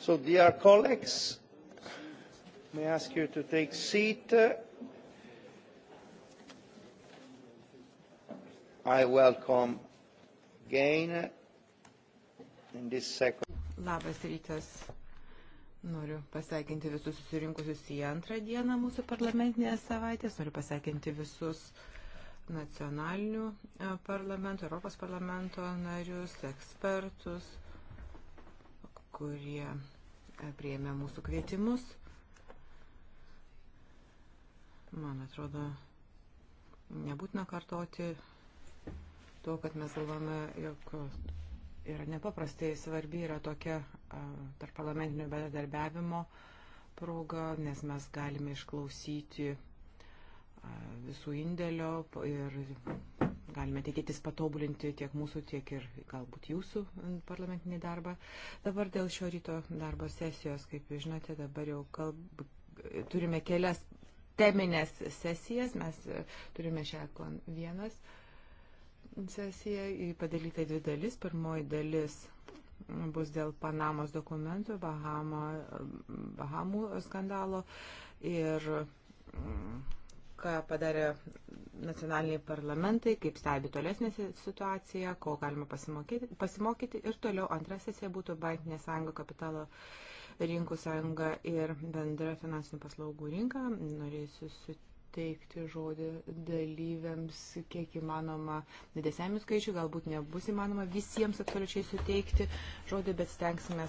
So, dear colleagues, may I ask you to take seat. I welcome again in this second. Labas rytas. Noriu pasveikinti visus susirinkusius į antrą dieną mūsų parlamentinės savaitės. Noriu pasveikinti visus nacionalinių e, parlamentų, Europos parlamento narius, ekspertus, kurie e, prieėmė mūsų kvietimus. Man atrodo, nebūtina kartoti to, kad mes galvome, jog yra nepaprastai svarbi yra tokia e, tarp parlamentinio bendradarbiavimo proga, nes mes galime išklausyti e, visų indėlio ir galime tikėtis patobulinti tiek mūsų, tiek ir galbūt jūsų parlamentinį darbą. Dabar dėl šio ryto darbo sesijos, kaip jūs žinote, dabar jau kalb... turime kelias teminės sesijas, mes e, turime šią kon vienas sesiją padalyta į dvi dalis. Pirmoji dalis bus dėl Panamos dokumentų, Bahama, Bahamų skandalo ir mm, ką padarė nacionaliniai parlamentai, kaip stebi tolesnė situacija, ko galima pasimokyti, pasimokyti. Ir toliau antra sesija būtų bankinė sąjunga, kapitalo rinkų sąjunga ir bendra finansinių paslaugų rinka. Norėsiu suteikti žodį dalyviams kiek įmanoma didesniam skaičiu, galbūt nebus įmanoma visiems absoliučiai suteikti žodį, bet stengsime,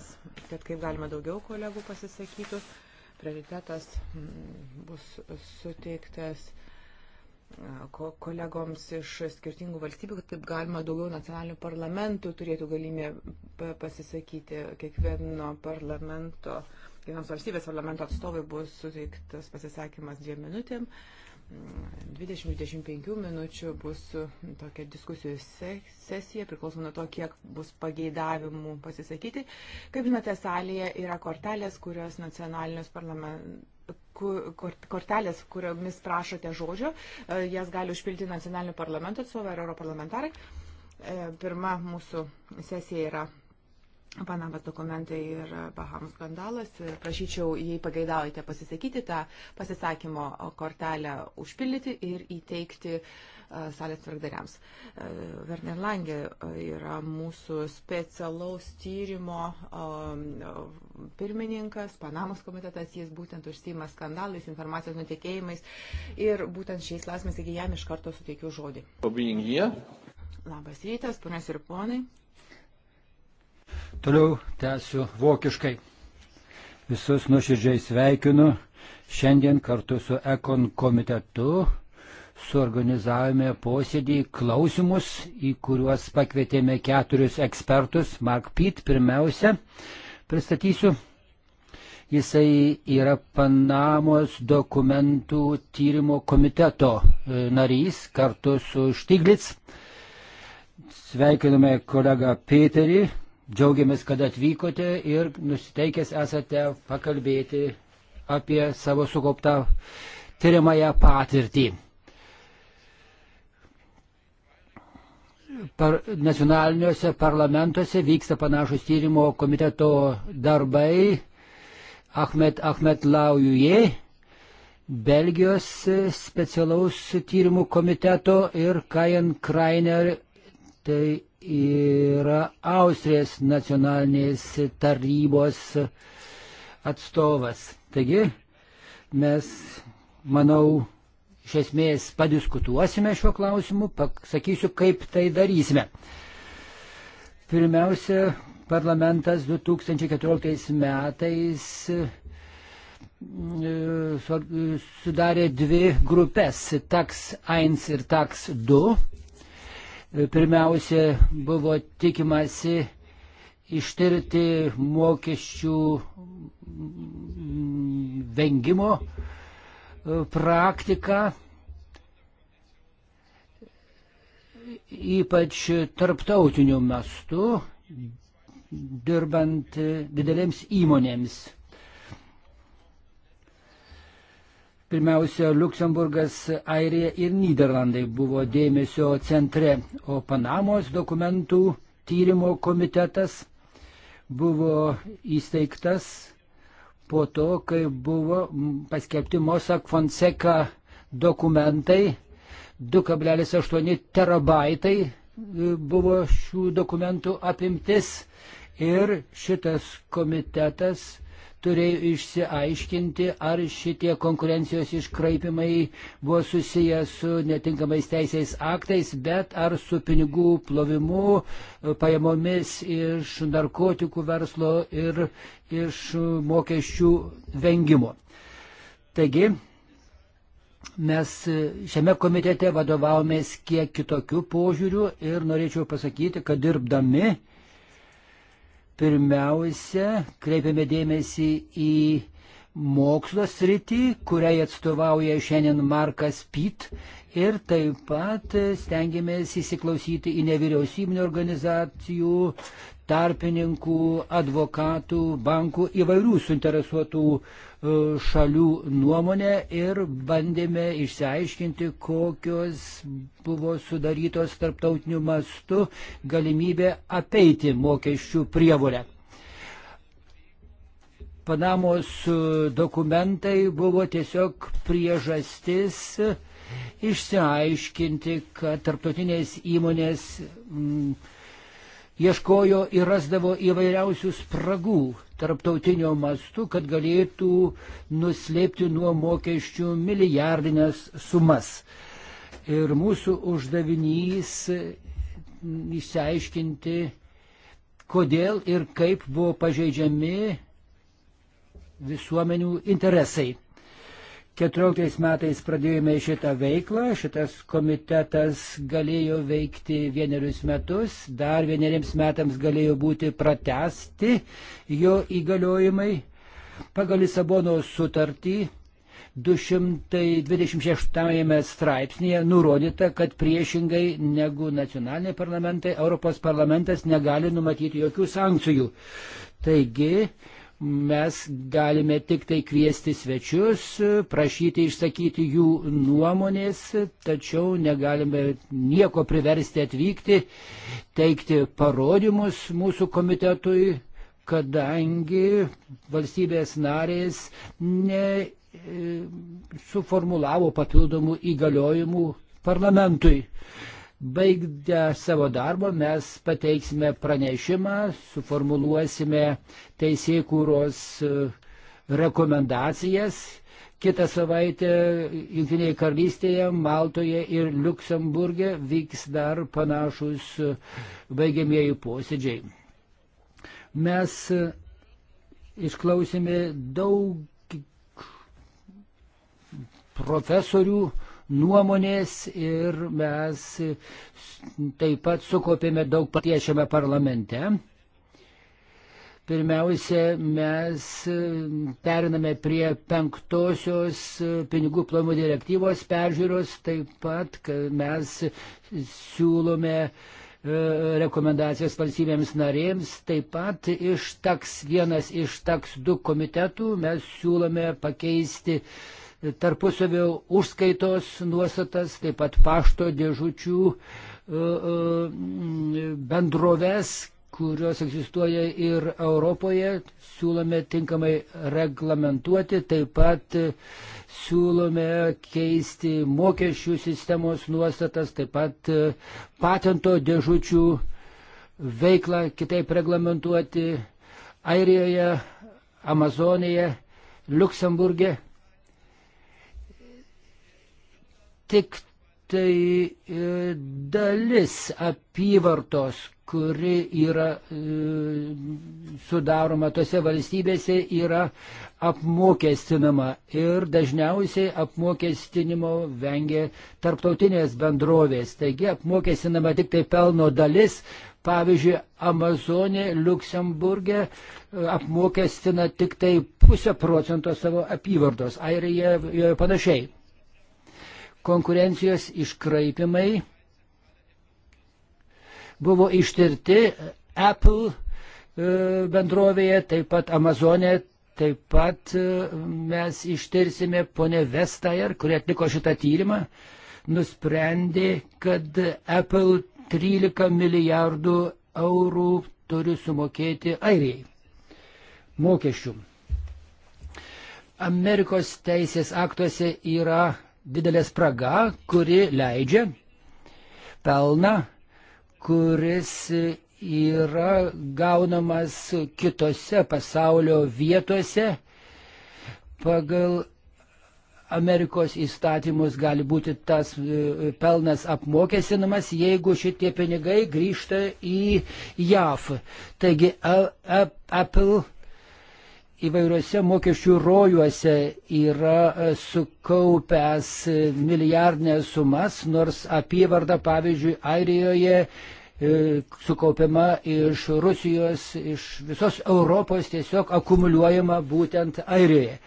kad kaip galima daugiau kolegų pasisakytų. Uh, prioritetas mm, bus suteiktas kolegoms iš skirtingų valstybių, kad taip galima daugiau nacionalinių parlamentų turėtų galimybę pasisakyti. Kiekvieno parlamento, kiekvienos valstybės parlamento atstovai bus suteiktas pasisakymas dviem minutėm. Uh, 20-25 minučių bus tokia diskusijų sesija, priklausom nuo to, kiek bus pageidavimų pasisakyti. Kaip žinote, salėje yra kortelės, kurios nacionalinius parlamentus kortelės, kuriomis prašote žodžio, e, jas gali užpilti nacionalinių parlamentų atstovai ar europarlamentarai. E, pirma mūsų sesija yra Panamos dokumentai ir Bahamų skandalas. Prašyčiau, jei pageidaujate pasisakyti tą pasisakymo kortelę, užpildyti ir įteikti e, salės tvarkdariams. E, Werner Lange e, yra mūsų specialaus tyrimo pirmininkas, Panamos komitetas, jis būtent užsima skandalais, informacijos nutekėjimais ir būtent šiais klausimais, taigi jam iš karto suteikiu žodį. Labas rytas, ponios ir ponai. Toliau tęsiu vokiškai. Visus nuoširdžiai sveikinu. Šiandien kartu su Ekon komitetu suorganizavome posėdį klausimus, į kuriuos pakvietėme keturius ekspertus. Mark Pitt pirmiausia pristatysiu. Jisai yra Panamos dokumentų tyrimo komiteto e, narys kartu su Štiglitz. Sveikiname kolegą Peterį, Džiaugiamės, kad atvykote ir nusiteikęs esate pakalbėti apie savo sukauptą tyriamąją patirtį. Par, nacionaliniuose parlamentuose vyksta panašus tyrimo komiteto darbai. Ahmed Ahmed Laujuje, Belgijos specialaus tyrimų komiteto ir Kajan Krainer, tai yra Austrijos nacionalinės tarybos atstovas. Taigi mes, manau, iš esmės padiskutuosime šiuo klausimu, pasakysiu, kaip tai darysime. Pirmiausia, parlamentas 2014 metais e, sudarė dvi grupės, TAX 1 ir TAX 2 Pirmiausia, buvo tikimasi ištirti mokesčių vengimo e, praktiką, ypač tarptautiniu mastu, dirbant e, didelėms įmonėms. Pirmiausia, Luksemburgas, Airija ir Niderlandai buvo dėmesio centre, o Panamos dokumentų tyrimo komitetas buvo įsteigtas po to, kai buvo paskelbti Mosak Fonseca dokumentai, 2,8 terabaitai e, buvo šių dokumentų apimtis ir šitas komitetas turėjo išsiaiškinti, ar šitie konkurencijos iškraipimai buvo susiję su netinkamais teisės aktais, bet ar su pinigų plovimu, pajamomis iš narkotikų verslo ir iš mokesčių vengimo. Taigi, mes šiame komitete vadovavomės kiek kitokių požiūrių ir norėčiau pasakyti, kad dirbdami Pirmiausia, kreipiame dėmesį į mokslo sritį, kuriai atstovauja šiandien Markas Pyt ir taip pat stengiamės įsiklausyti į nevyriausybinio organizacijų, tarpininkų, advokatų, bankų įvairių suinteresuotų uh, E, šalių nuomonę ir bandėme išsiaiškinti, kokios buvo sudarytos tarptautiniu mastu galimybė apeiti mokesčių prievolę. Panamos e, dokumentai buvo tiesiog priežastis išsiaiškinti, kad tarptautinės įmonės mm, ieškojo ir rasdavo įvairiausių spragų tarptautinio mastu, kad galėtų nuslėpti nuo mokesčių milijardinės sumas. Ir mūsų uždavinys išsiaiškinti, kodėl ir kaip buvo pažeidžiami visuomenių interesai. 14 metais pradėjome šitą veiklą, šitas komitetas galėjo veikti vienerius metus, dar vieneriems metams galėjo būti pratesti jo įgaliojimai. Pagal Lisabono sutartį 226 straipsnėje nurodyta, kad priešingai negu nacionaliniai parlamentai, Europos parlamentas negali numatyti jokių sankcijų. Taigi, mes galime tik tai kviesti svečius, prašyti išsakyti jų nuomonės, tačiau negalime nieko priversti atvykti, teikti parodymus mūsų komitetui, kadangi valstybės narės ne e, suformulavo papildomų įgaliojimų parlamentui. Baigdę savo darbą mes pateiksime pranešimą, suformuluosime teisėkūros e, rekomendacijas. Kitą savaitę Junktinėje karalystėje, Maltoje ir Luksemburgė vyks dar panašus e, baigiamieji posėdžiai. Mes e, išklausėme daug profesorių, nuomonės ir mes taip pat sukopėme daug patiešiame parlamente. Pirmiausia, mes periname prie penktosios pinigų plovimo direktyvos peržiūros, taip pat mes siūlome e, rekomendacijas valstybėms narėms. Taip pat iš taks vienas, iš taks du komitetų mes siūlome pakeisti uh, tarpusavio užskaitos nuostatas, taip pat pašto dėžučių e, e, bendroves, kurios egzistuoja ir Europoje, siūlome tinkamai reglamentuoti, taip pat siūlome keisti mokesčių sistemos nuostatas, taip pat e, patento dėžučių veiklą kitaip reglamentuoti Airijoje, Amazonėje, Luksemburgė tik tai e, dalis apyvartos, kuri yra e, sudaroma tose valstybėse, yra apmokestinama ir dažniausiai apmokestinimo vengia tarptautinės bendrovės. Taigi apmokestinama tik tai pelno dalis, Pavyzdžiui, Amazonė Luksemburgė e, apmokestina tik tai pusę procento savo apyvartos, Airija panašiai konkurencijos iškraipimai buvo ištirti Apple e, bendrovėje, taip pat Amazonė, taip pat e, mes ištirsime ponę Vestager, kurie atliko šitą tyrimą, nusprendė, kad Apple 13 milijardų eurų turi sumokėti Airijai mokesčių. Amerikos teisės aktuose yra didelė spraga, kuri leidžia pelną, kuris yra gaunamas kitose pasaulio vietose. Pagal Amerikos įstatymus gali būti tas e, pelnas apmokestinamas, jeigu šitie pinigai grįžta į JAV. Taigi e, Apple įvairiuose mokesčių rojuose yra e, sukaupęs e, milijardinės sumas, nors apyvarda, pavyzdžiui, Airijoje e, sukaupiama iš Rusijos, iš visos Europos tiesiog akumuliuojama būtent Airijoje.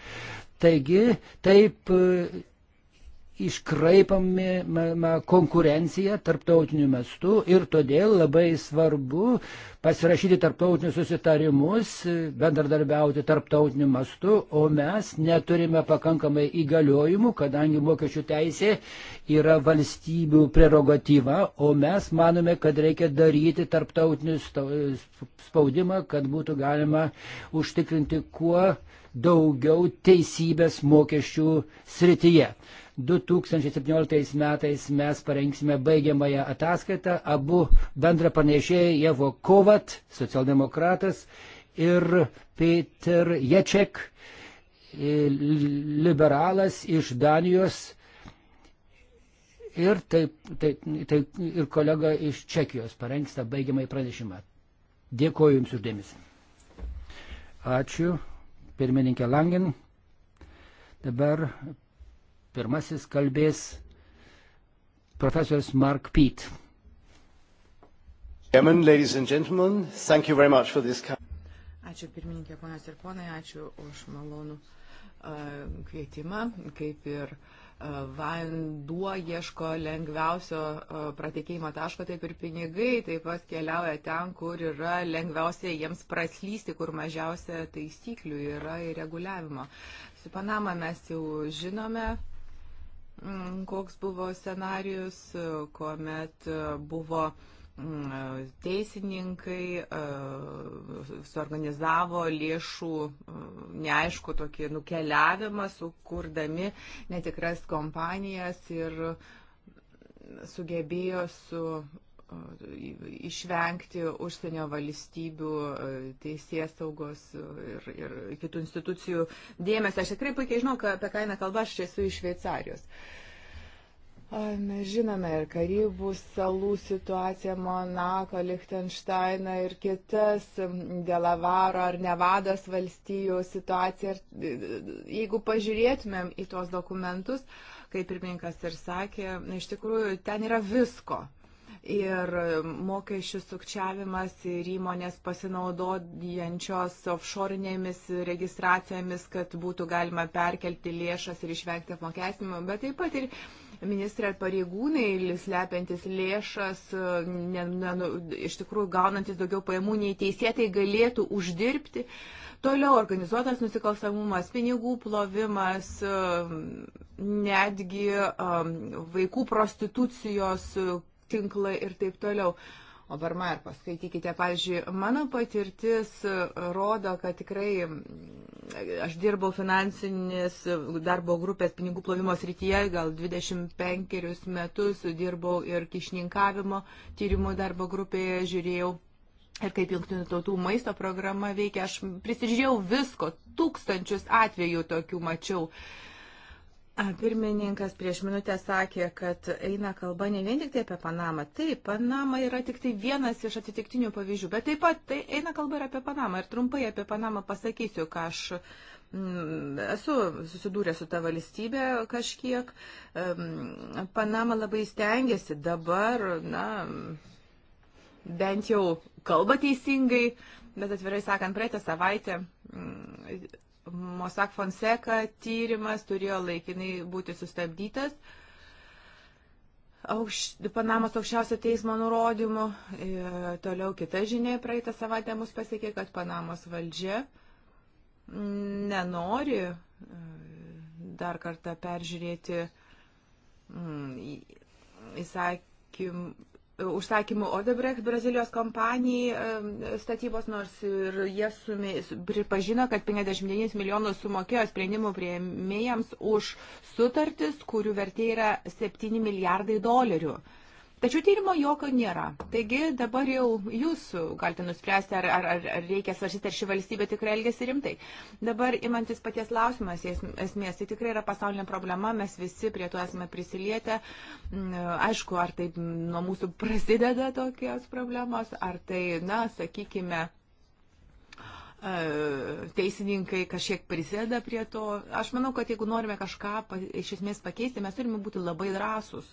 Taigi taip iškraipama konkurencija tarptautiniu mastu ir todėl labai svarbu pasirašyti tarptautinius susitarimus, bendradarbiauti tarptautiniu mastu, o mes neturime pakankamai įgaliojimų, kadangi mokesčių teisė yra valstybių prerogatyva, o mes manome, kad reikia daryti tarptautinius spaudimą, kad būtų galima užtikrinti kuo daugiau teisybės mokesčių srityje. 2017 metais mes parengsime baigiamąją ataskaitą. Abu bendra panešėjai Jevo Kovat, socialdemokratas, ir Peter Ječek, liberalas iš Danijos. Ir, taip, taip, taip, ir kolega iš Čekijos parengsta baigiamai pranešimą. Dėkoju Jums uždėmesi. Ačiū, pirmininkė Langin. Dabar Pirmasis kalbės profesorius Mark Pitt. Ačiū pirmininkė, ponios ir ponai, ačiū už malonų kvietimą, kaip ir vanduo ieško lengviausio pratekėjimo taško, taip ir pinigai taip pat keliauja ten, kur yra lengviausia jiems praslysti, kur mažiausia taisyklių yra ir reguliavimo. Su Panama mes jau žinome, Mm, koks buvo scenarius, kuomet e, buvo mm, teisininkai e, suorganizavo lėšų e, neaišku tokį nukeliavimą, sukurdami netikras kompanijas ir sugebėjo su išvengti užsienio valstybių, e, teisės saugos ir, ir kitų institucijų dėmesio. Aš tikrai puikiai žinau, apie ką eina kalba, aš esu iš Šveicarijos. Mes žinome ir Karibų salų situaciją, Monako, Lichtensteiną ir kitas, Delavaro ar Nevados valstijų situaciją. Ir e, e, jeigu pažiūrėtumėm į tuos dokumentus, kaip pirmininkas ir sakė, iš tikrųjų ten yra visko ir mokesčių sukčiavimas ir įmonės pasinaudojančios offshore'inėmis registracijomis, kad būtų galima perkelti lėšas ir išvengti apmokestinimo, bet taip pat ir ministrė ar pareigūnai, slepiantis lėšas, ne, ne, nu, iš tikrųjų gaunantis daugiau pajamų nei teisėtai galėtų uždirbti. Toliau organizuotas nusikalstamumas, pinigų plovimas, netgi um, vaikų prostitucijos tinklą ir taip toliau. Obermeier, paskaitykite, pavyzdžiui, mano patirtis e, rodo, kad tikrai mm, aš dirbau finansinės e, darbo grupės pinigų plovimo srityje, gal 25 metus dirbau ir kišninkavimo tyrimų darbo grupėje, žiūrėjau. Ir kaip jungtinių tautų maisto programa veikia, aš prisižiūrėjau visko, tūkstančius atvejų tokių mačiau. Uh, Pirmininkas prieš minutę sakė, kad eina kalba ne vien tik tai apie Panamą. Taip, Panama yra tik tai vienas iš atsitiktinių pavyzdžių, bet taip pat tai eina kalba ir apie Panamą. Ir trumpai apie Panamą pasakysiu, ką aš m, mm, esu susidūrę su ta valstybė kažkiek. Panama labai stengiasi dabar, na, bent jau kalba teisingai, bet atvirai sakant, praeitą savaitę. M, mm, Mosak Fonseca tyrimas turėjo laikinai būti sustabdytas aukš, Panamos aukščiausio teismo nurodymu. Ir e, toliau kita žinia praeitą savaitę mus pasiekė, kad Panamos valdžia nenori e, dar kartą peržiūrėti mm, įsakymą užsakymų Odebrecht Brazilijos kompanijai statybos, nors ir jie sumi, pripažino, kad 59 milijonus sumokėjo sprendimų prieimėjams už sutartis, kurių vertė yra 7 milijardai dolerių. Uh, Tačiau tyrimo jokio nėra. Taigi dabar jau jūs galite nuspręsti, ar, ar, ar reikia svarstyti, ar ši valstybė tikrai elgesi rimtai. Dabar imantis paties klausimas esmės, tai tikrai yra pasaulinė problema, mes visi prie to esame prisilietę. Mm, aišku, ar tai nuo mūsų prasideda tokios problemos, ar tai, na, sakykime, e, teisininkai kažkiek prisėda prie to. Aš manau, kad jeigu norime kažką iš esmės pakeisti, mes turime būti labai drąsus.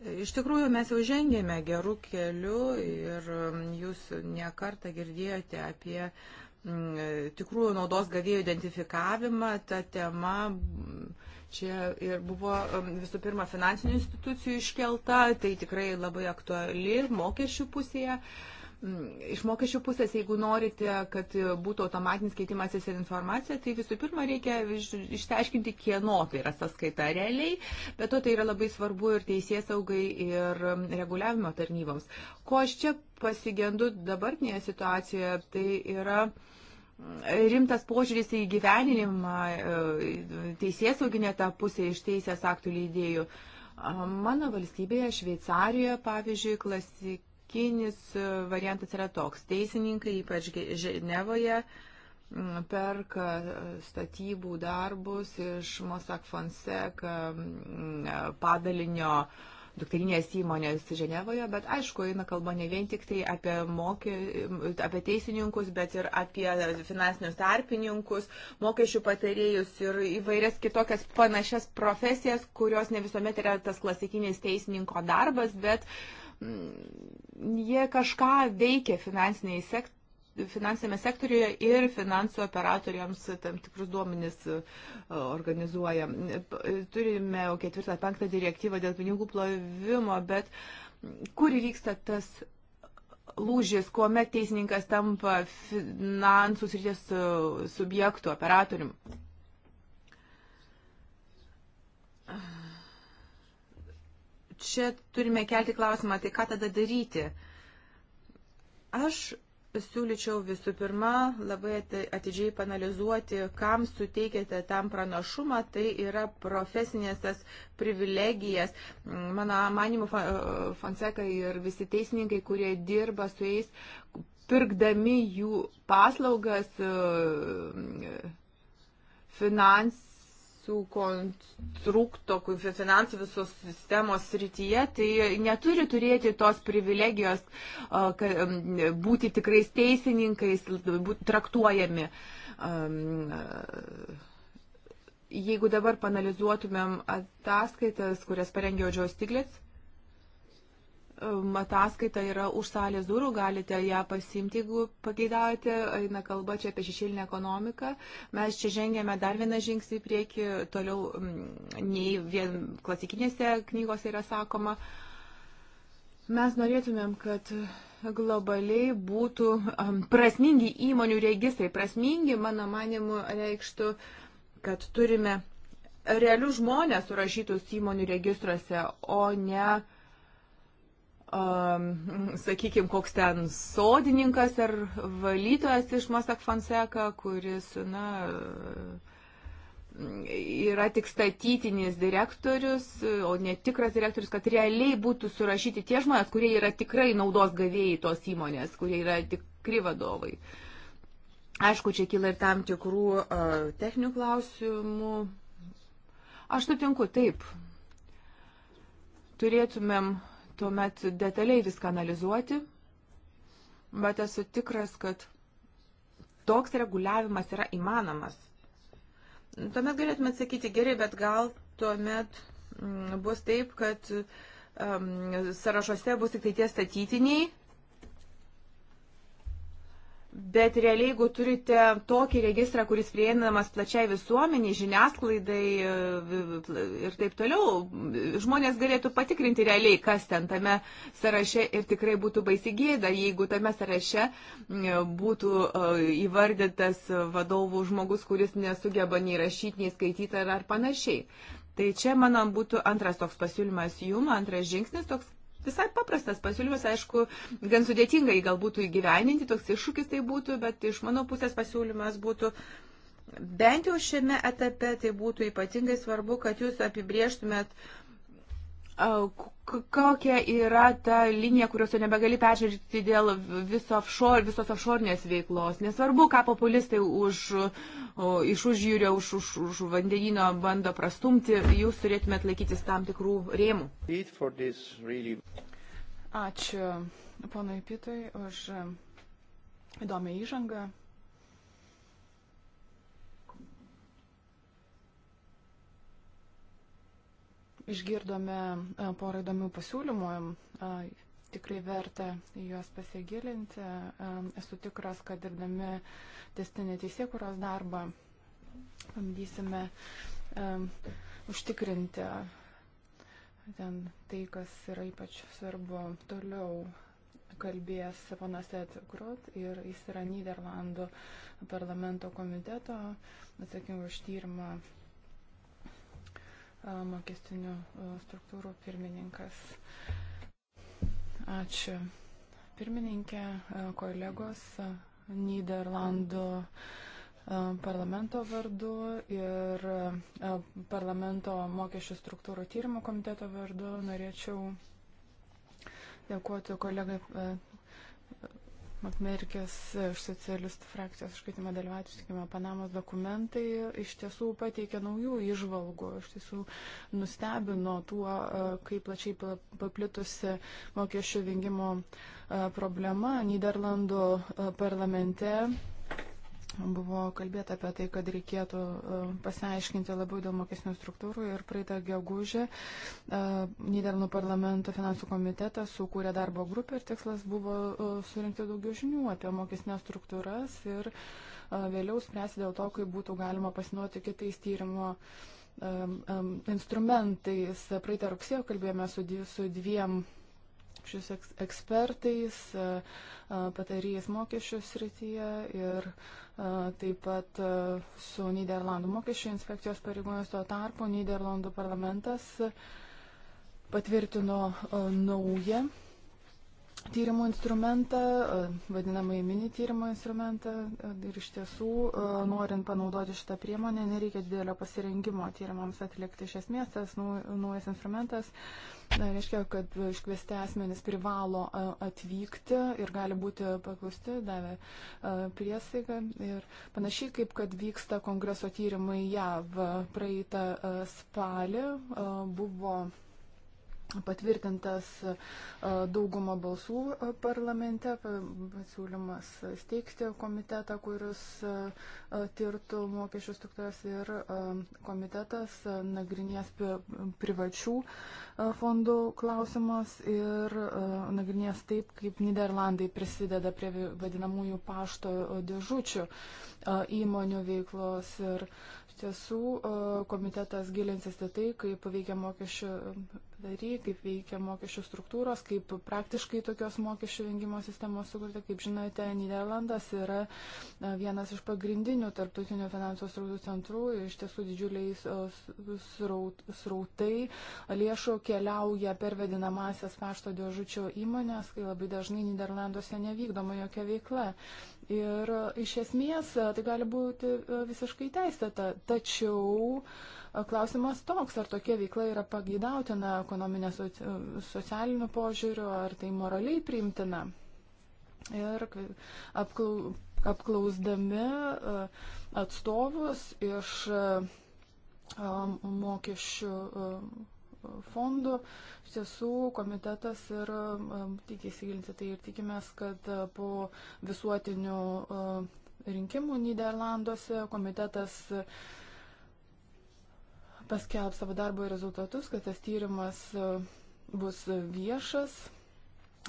Iš tikrųjų, mes jau žengėme gerų kelių ir um, jūs nekartą girdėjote apie mm, tikrųjų naudos gavėjų identifikavimą. Ta tema mm, čia ir buvo um, visų pirma finansinių institucijų iškelta, tai tikrai labai aktuali mokesčių pusėje. Uh, Mm, iš mokesčių pusės, jeigu norite, kad būtų automatinis keitimasis ir informacija, tai visų pirma reikia išteiškinti, kieno tai yra sąskaita realiai, bet to tai yra labai svarbu ir teisės saugai, ir mm, reguliavimo tarnyboms. Ko aš čia pasigendu dabartinėje situacijoje, tai yra mm, rimtas požiūris į gyveninimą e, teisės sauginė tą pusė iš teisės aktų leidėjų. Mano valstybėje, Šveicarijoje, pavyzdžiui, klasik Klasikinis e, variantas yra toks. Teisininkai, ypač Ženevoje, perka e, statybų darbus iš Mossack Fonseca e, padalinio dukterinės įmonės Ženevoje, bet aišku, eina kalba ne vien tik tai apie, mokė, apie teisininkus, bet ir apie finansinius tarpininkus, mokesčių patarėjus ir įvairias kitokias panašias profesijas, kurios ne visuomet yra tas klasikinis teisininko darbas, bet uh, Mm, jie kažką veikia sekt, finansinėme sektoriuje ir finansų operatoriams tam tikrus duomenis e, organizuoja. Turime ketvirtą, penktą direktyvą dėl pinigų plovimo, bet kur vyksta tas lūžis, kuomet teisininkas tampa finansų srities e, subjektų operatoriumi? čia turime kelti klausimą, tai ką tada daryti? Aš siūlyčiau visų pirma labai atidžiai panalizuoti, kam suteikėte tam pranašumą, tai yra profesinės tas privilegijas. Mano manimų Fonseca ir visi teisininkai, kurie dirba su jais, pirkdami jų paslaugas e, finans visų konstrukto, finansų visos sistemos srityje, tai neturi turėti tos privilegijos būti tikrais teisininkais, būti traktuojami. Jeigu dabar panalizuotumėm ataskaitas, kurias parengė Odžiaus Stiglitz, ataskaita yra už salės durų, galite ją pasimti, jeigu pageidaujate. Eina kalba čia apie šešėlinę ekonomiką. Mes čia žengėme dar vieną žingsnį į priekį, toliau nei vien klasikinėse knygose yra sakoma. Mes norėtumėm, kad globaliai būtų prasmingi įmonių registrai. Prasmingi, mano manimu, reikštų, kad turime realius žmonės surašytus įmonių registruose, o ne uh, um, sakykime, koks ten sodininkas ar valytojas iš Mosak Fonseka, kuris, na, yra tik statytinis direktorius, o ne tikras direktorius, kad realiai būtų surašyti tie žmonės, kurie yra tikrai naudos gavėjai tos įmonės, kurie yra tikri vadovai. Aišku, čia kyla ir tam tikrų uh, techninių klausimų. Aš sutinku, taip. Turėtumėm tuomet detaliai viską analizuoti, bet esu tikras, kad toks reguliavimas yra įmanomas. Tuomet galėtume atsakyti gerai, bet gal tuomet mm, bus taip, kad um, sąrašuose bus tik tai tie statytiniai, Bet realiai, jeigu turite tokį registrą, kuris prieinamas plačiai visuomeniai, žiniasklaidai e, ir taip toliau, žmonės galėtų patikrinti realiai, kas ten tame sąraše ir tikrai būtų baisi gėda, jeigu tame sąraše būtų e, įvardytas vadovų žmogus, kuris nesugeba nei rašyti, nei skaityti ar, ar panašiai. Tai čia, manom, būtų antras toks pasiūlymas jum, antras žingsnis toks visai paprastas pasiūlymas, aišku, gan sudėtinga jį galbūt įgyveninti, toks iššūkis tai būtų, bet iš mano pusės pasiūlymas būtų bent jau šiame etape tai būtų ypatingai svarbu, kad jūs apibrieštumėt uh, kokia yra ta linija, kurios jau nebegali peržvelgti dėl viso offshore, visos offshore'nės veiklos. Nesvarbu, ką populistai už, iš užjūrio, už, už, už vandenino bando prastumti, jūs turėtumėt laikytis tam tikrų rėmų. Ačiū ponui Pitui už įdomią įžangą. Išgirdome e, porą įdomių pasiūlymų, e, tikrai verta juos pasigilinti. E, esu tikras, kad dirbdami testinį teisėkuros darbą bandysime užtikrinti ten tai, kas yra ypač svarbu toliau kalbės ponas Etgrot ir jis yra Niderlandų parlamento komiteto atsakingo už tyrimą mokestinių struktūrų pirmininkas. Ačiū. Pirmininkė, kolegos, Niderlandų parlamento vardu ir parlamento mokesčių struktūrų tyrimo komiteto vardu norėčiau dėkuoti kolegai Makmerkės e, iš socialistų frakcijos iškvietimą dalyvauti, sakykime, Panamos dokumentai iš tiesų pateikė naujų išvalgų, iš tiesų nustebino tuo, e, kaip plačiai paplitusi mokesčių vengimo e, problema Niderlandų parlamente Buvo kalbėta apie tai, kad reikėtų e, pasiaiškinti labiau dėl mokesnių struktūrų ir praeitą gegužę e, Niderlandų parlamento finansų komitetas sukūrė darbo grupę ir tikslas buvo e, surinkti daugiau žinių apie mokesnės struktūras ir vėliau spręsti dėl to, kaip būtų galima pasinuoti kitais tyrimo instrumentais. Praeitą rugsėjo kalbėjome su, su dviem darbščius eks, ekspertais, patarėjais mokesčių srityje ir taip pat su Niderlandų mokesčių inspekcijos pareigūnais. Tuo tarpu Niderlandų parlamentas patvirtino naują tyrimo instrumentą, vadinamąjį mini tyrimo instrumentą. Ir iš tiesų, norint panaudoti šitą priemonę, nereikia didelio pasirengimo tyrimams atlikti. Iš esmės, tas naujas instrumentas reiškia, kad iškviesti asmenys privalo atvykti ir gali būti paklausti, davė priesaiką. Ir panašiai kaip kad vyksta kongreso tyrimai JAV praeitą spalį, buvo patvirtintas e, daugumo balsų e, parlamente, pasiūlymas steigti komitetą, kuris e, tirtų mokesčių struktūras ir komitetas nagrinės privačių fondų klausimas ir nagrinės taip, kaip Niderlandai prisideda prie vadinamųjų pašto dėžučių įmonių veiklos. Ir iš tiesų komitetas gilinsis į tai, kaip veikia mokesčių dary, kaip veikia mokesčių struktūros, kaip praktiškai tokios mokesčių vengimo sistemos sukurti. Kaip žinote, Niderlandas yra e, vienas iš pagrindinių tarptautinių finansų srautų centrų. Iš tiesų didžiuliai srautai lėšų keliauja per vedinamasias pašto dėžučio įmonės, kai labai dažnai Niderlanduose nevykdoma jokia veikla. Ir e, iš esmės e, tai gali būti visiškai teisėta. Tačiau Klausimas toks, ar tokia veikla yra pageidautina ekonominė socialinių požiūrių, ar tai moraliai priimtina. Ir apklau, apklausdami e, atstovus iš e, mokesčių e, fondų. Iš tiesų, komitetas ir tiki įsigilinti tai ir tikimės, kad po visuotinių rinkimų Niderlanduose komitetas uh, paskelb savo darbo rezultatus, kad tas tyrimas e, bus viešas.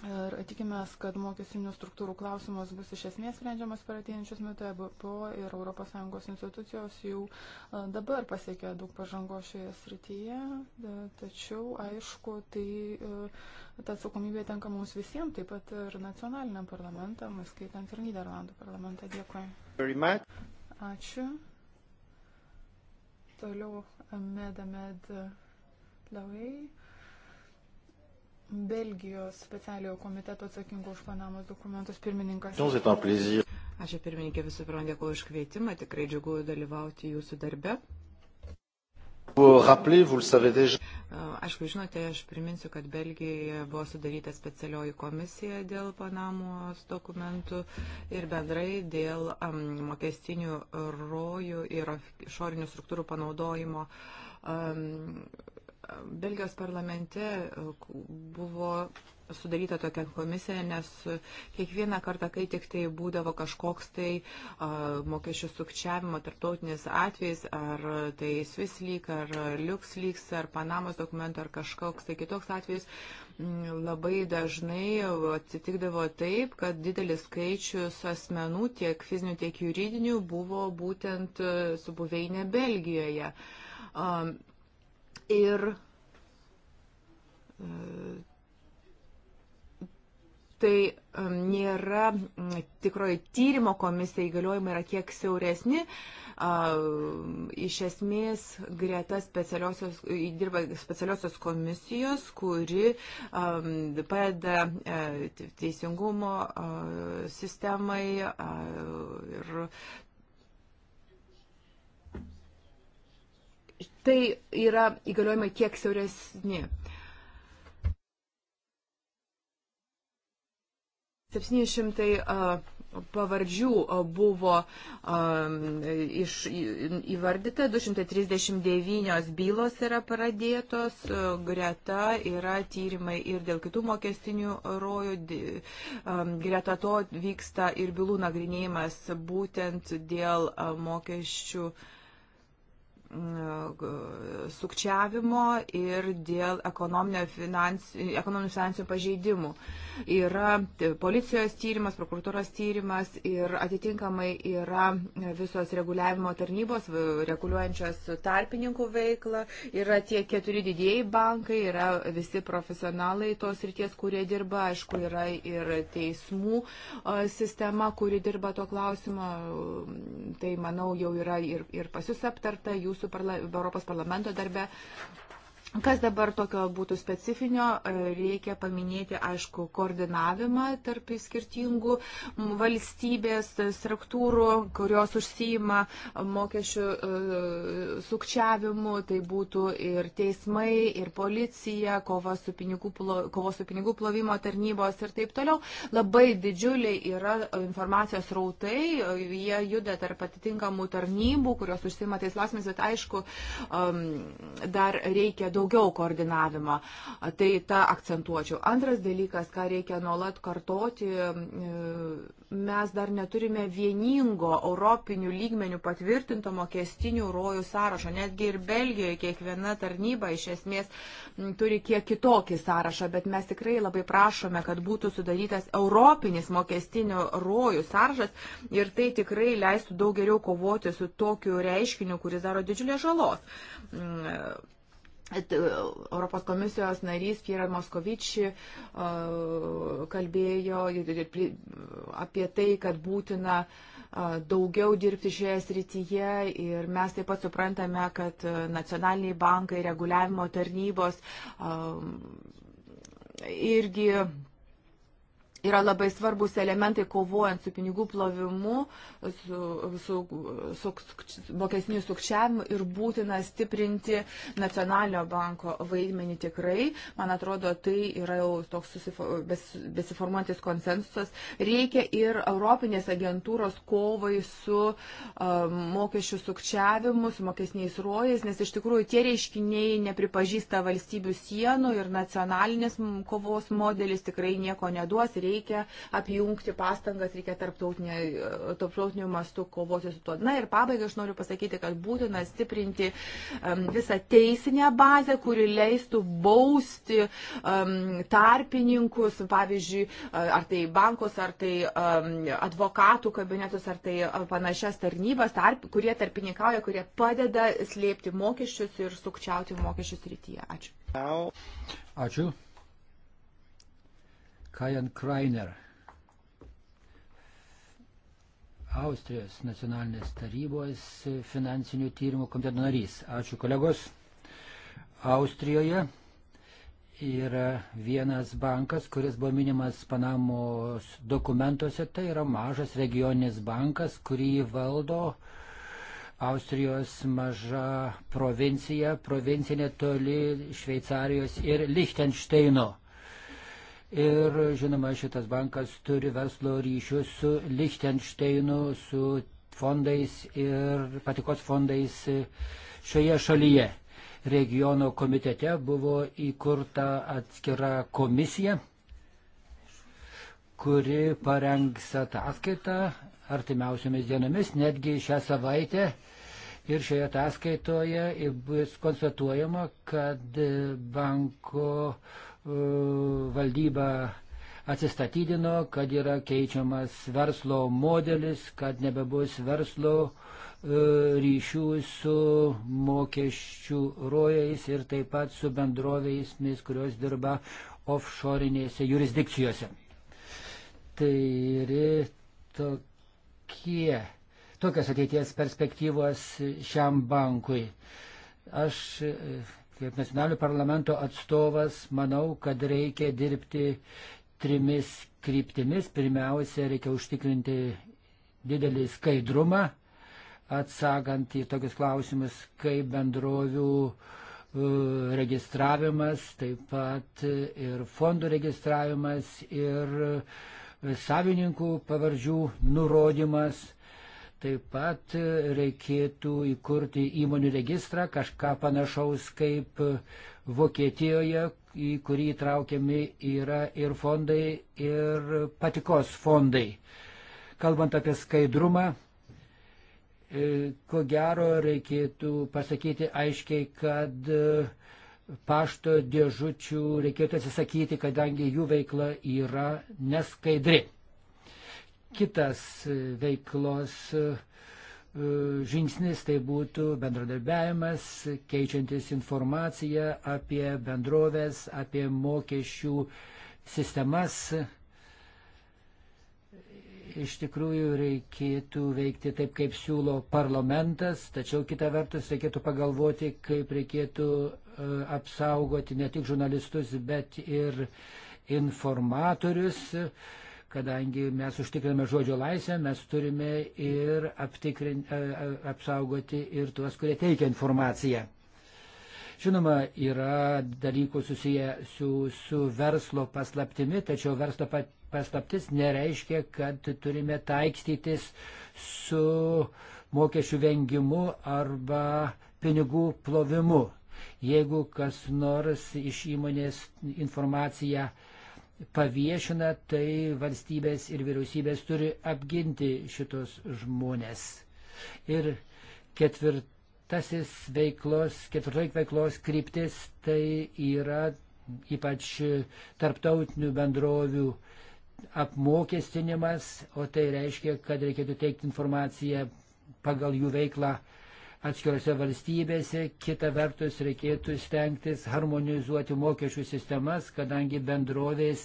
Ir tikimės, kad mokesinių struktūrų klausimas bus iš esmės sprendžiamas per ateinančius metus. EBPO ir ES institucijos jau e, dabar pasiekė daug pažango šioje srityje, e, tačiau aišku, tai ta atsakomybė tenka mums visiems, taip pat ir nacionaliniam parlamentam, skaitant ir Niderlandų parlamentą. Dėkui. Ačiū. Toliau Ahmed Ahmed Lauei, Belgijos specialiojo komiteto atsakingo už Panamos dokumentus pirmininkas. Ačiū pirmininkė visų pirma, dėkuoju už kvietimą, tikrai džiugu dalyvauti jūsų darbe. Aišku, žinote, aš priminsiu, kad Belgijoje buvo sudaryta specialioji komisija dėl Panamos dokumentų ir bendrai dėl um, mokestinių rojų ir išorinių struktūrų panaudojimo um, Belgijos parlamente e, buvo sudaryta tokia komisija, nes kiekvieną kartą, kai tik tai būdavo kažkoks tai uh, mokesčių sukčiavimo tarptautinis atvejis, ar tai Swisslyg, ar LuxLygs, ar Panamos dokumento, ar kažkoks tai kitoks atvejis, labai dažnai atsitikdavo taip, kad didelis skaičius asmenų, tiek fizinių, tiek juridinių, buvo būtent e, su buveinė Belgijoje. Um, Ir e, tai nėra tikroji tyrimo komisija įgaliojimai yra kiek siauresni. Iš esmės greta specialiosios, dirba specialiosios komisijos, kuri padeda e, teisingumo sistemai ir tai yra įgaliojimai kiek siauresni. 700 pavardžių buvo iš, įvardyta, 239 bylos yra pradėtos, greta yra tyrimai ir dėl kitų mokestinių rojų, greta to vyksta ir bylų nagrinėjimas būtent dėl mokesčių sukčiavimo ir dėl ekonominių finansinių, ekonominių finansinių pažeidimų. Yra policijos tyrimas, prokuratūros tyrimas ir atitinkamai yra visos reguliavimo tarnybos, reguliuojančios tarpininkų veiklą, yra tie keturi didieji bankai, yra visi profesionalai tos ryties, kurie dirba, aišku, yra ir teismų sistema, kuri dirba to klausimo. Tai, manau, jau yra ir, ir pas jūs aptarta, jūs jūsų parla Europos parlamento darbe, Kas dabar tokio būtų specifinio, e, reikia paminėti, aišku, koordinavimą tarp skirtingų valstybės struktūrų, kurios užsijima mokesčių e, sukčiavimu, tai būtų ir teismai, ir policija, kovos su pinigų, kovos su pinigų plovimo tarnybos ir taip toliau. Labai didžiuliai yra informacijos rautai, jie juda tarp atitinkamų tarnybų, kurios užsima tais klausimais, bet aišku, dar reikia daug daugiau koordinavimą. Tai tą akcentuočiau. Antras dalykas, ką reikia nuolat kartoti, mes dar neturime vieningo europinių lygmenių patvirtinto mokestinių rojų sąrašo. Netgi ir Belgijoje kiekviena tarnyba iš esmės turi kiek kitokį sąrašą, bet mes tikrai labai prašome, kad būtų sudarytas europinis mokestinių rojų sąrašas ir tai tikrai leistų daug geriau kovoti su tokiu reiškiniu, kuris daro didžiulę žalos. E, Europos komisijos narys Pierre Moskovičiai e, kalbėjo apie tai, kad būtina e, daugiau dirbti šioje srityje ir mes taip pat suprantame, kad nacionaliniai bankai, reguliavimo tarnybos irgi yra labai svarbus elementai kovojant su pinigų plovimu, su, su, su, su mokesniu sukčiavimu ir būtina stiprinti nacionalinio banko vaidmenį tikrai. Man atrodo, tai yra jau toks susifo, bes, besiformuojantis konsensusas. Reikia ir Europinės agentūros kovai su um, mokesčių sukčiavimu, su mokesniais rojais, nes iš tikrųjų tie reiškiniai nepripažįsta valstybių sienų ir nacionalinės kovos modelis tikrai nieko neduos. Reikia reikia apjungti pastangas, reikia tarptautiniu mastu kovoti su tuo. Na ir pabaigai aš noriu pasakyti, kad būtina stiprinti um, visą teisinę bazę, kuri leistų bausti um, tarpininkus, pavyzdžiui, e, ar tai bankus, ar tai um, advokatų kabinetus, ar tai e, panašias tarnybas, tarp, kurie tarpininkauja, kurie padeda slėpti mokesčius ir sukčiauti mokesčius rytyje. Ačiū. Ačiū. Kajan Kreiner, Austrijos nacionalinės tarybos finansinių tyrimų komiteto narys. Ačiū kolegos. Austrijoje yra vienas bankas, kuris buvo minimas Panamos dokumentuose. Tai yra mažas regioninis bankas, kurį valdo Austrijos maža provincija, provincija netoli Šveicarijos ir Lichtensteino. Ir žinoma, šitas bankas turi verslo ryšių su Lichtensteinu, su fondais ir patikos fondais šioje šalyje. Regiono komitete buvo įkurta atskira komisija, kuri parengs ataskaitą artimiausiamis dienomis, netgi šią savaitę. Ir šioje ataskaitoje bus konstatuojama, kad banko uh, E, valdyba atsistatydino, kad yra keičiamas verslo modelis, kad nebebus verslo e, ryšių su mokesčių rojais ir taip pat su bendrovėmis, kurios dirba offshore'inėse jurisdikcijose. Tai yra tokie, tokios ateities perspektyvos šiam bankui. Aš e, kaip nacionalinio parlamento atstovas, manau, kad reikia dirbti trimis kryptimis. Pirmiausia, reikia užtikrinti didelį skaidrumą, atsakant į tokius klausimus, kaip bendrovių e, registravimas, taip pat ir fondų registravimas ir savininkų pavardžių nurodymas Taip pat reikėtų įkurti įmonių registrą, kažką panašaus kaip Vokietijoje, į kurį įtraukiami yra ir fondai, ir patikos fondai. Kalbant apie skaidrumą, e, ko gero reikėtų pasakyti aiškiai, kad e, pašto dėžučių reikėtų atsisakyti, kadangi jų veikla yra neskaidri kitas e, veiklos e, e, žingsnis tai būtų bendradarbiavimas, keičiantis informaciją apie bendrovės, apie mokesčių sistemas. Iš tikrųjų reikėtų veikti taip, kaip siūlo parlamentas, tačiau kita vertus reikėtų pagalvoti, kaip reikėtų apsaugoti ne tik žurnalistus, bet ir informatorius kadangi mes užtikriname žodžio laisvę, mes turime ir aptikrin, apsaugoti ir tuos, kurie teikia informaciją. Žinoma, yra dalykų susiję su, su verslo paslaptimi, tačiau verslo paslaptis nereiškia, kad turime taikstytis su mokesčių vengimu arba pinigų plovimu. Jeigu kas nors iš įmonės informaciją uh, paviešina, tai valstybės ir vyriausybės turi apginti šitos žmonės. Ir ketvirtasis veiklos, ketvirtoji veiklos kryptis tai yra ypač tarptautinių bendrovių apmokestinimas, o tai reiškia, kad reikėtų teikti informaciją pagal jų veiklą atskirose valstybėse, kita vertus reikėtų stengtis harmonizuoti mokesčių sistemas, kadangi bendrovės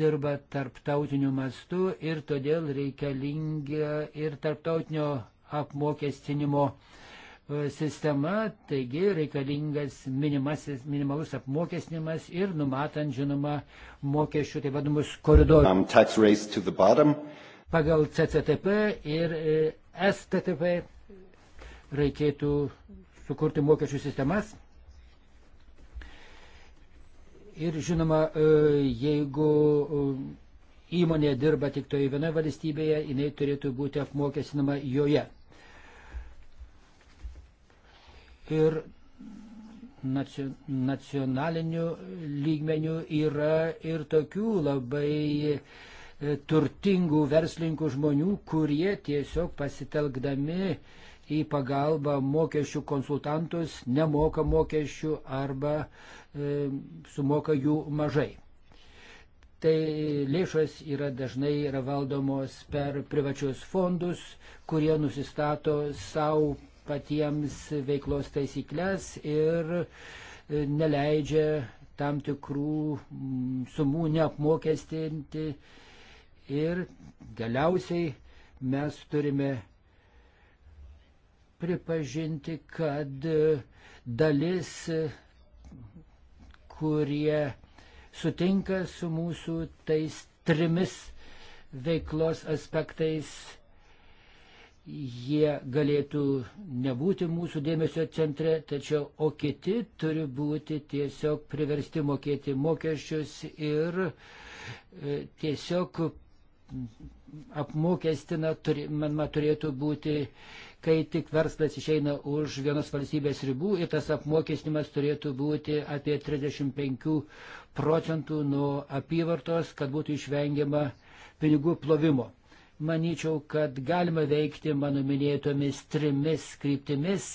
dirba tarptautiniu mastu ir todėl reikalinga ir tarptautinio apmokestinimo e, sistema, taigi reikalingas minimasis, minimalus apmokestinimas ir numatant, žinoma, mokesčių, tai vadinamus koridorius. Um, Pagal CCTP ir e, STTP reikėtų sukurti mokesčių sistemas. Ir žinoma, e, jeigu e, įmonė dirba tik toje vienoje valstybėje, jinai turėtų būti apmokestinama joje. Ir nacionaliniu lygmeniu yra ir tokių labai e, turtingų verslininkų žmonių, kurie tiesiog pasitelkdami uh, į pagalbą mokesčių konsultantus, nemoka mokesčių arba e, sumoka jų mažai. Tai lėšos yra dažnai yra valdomos per privačius fondus, kurie nusistato savo patiems veiklos taisyklės ir e, neleidžia tam tikrų mm, sumų neapmokestinti. Ir galiausiai mes turime pripažinti, kad e, dalis, e, kurie sutinka su mūsų tais trimis veiklos aspektais, jie galėtų nebūti mūsų dėmesio centre, tačiau o kiti turi būti tiesiog priversti mokėti mokesčius ir e, tiesiog apmokestina, man turėtų būti kai tik verslas išeina už vienos valstybės ribų ir tas apmokestinimas turėtų būti apie 35 procentų nuo apyvartos, kad būtų išvengiama pinigų plovimo. Manyčiau, kad galima veikti mano minėtomis trimis kryptimis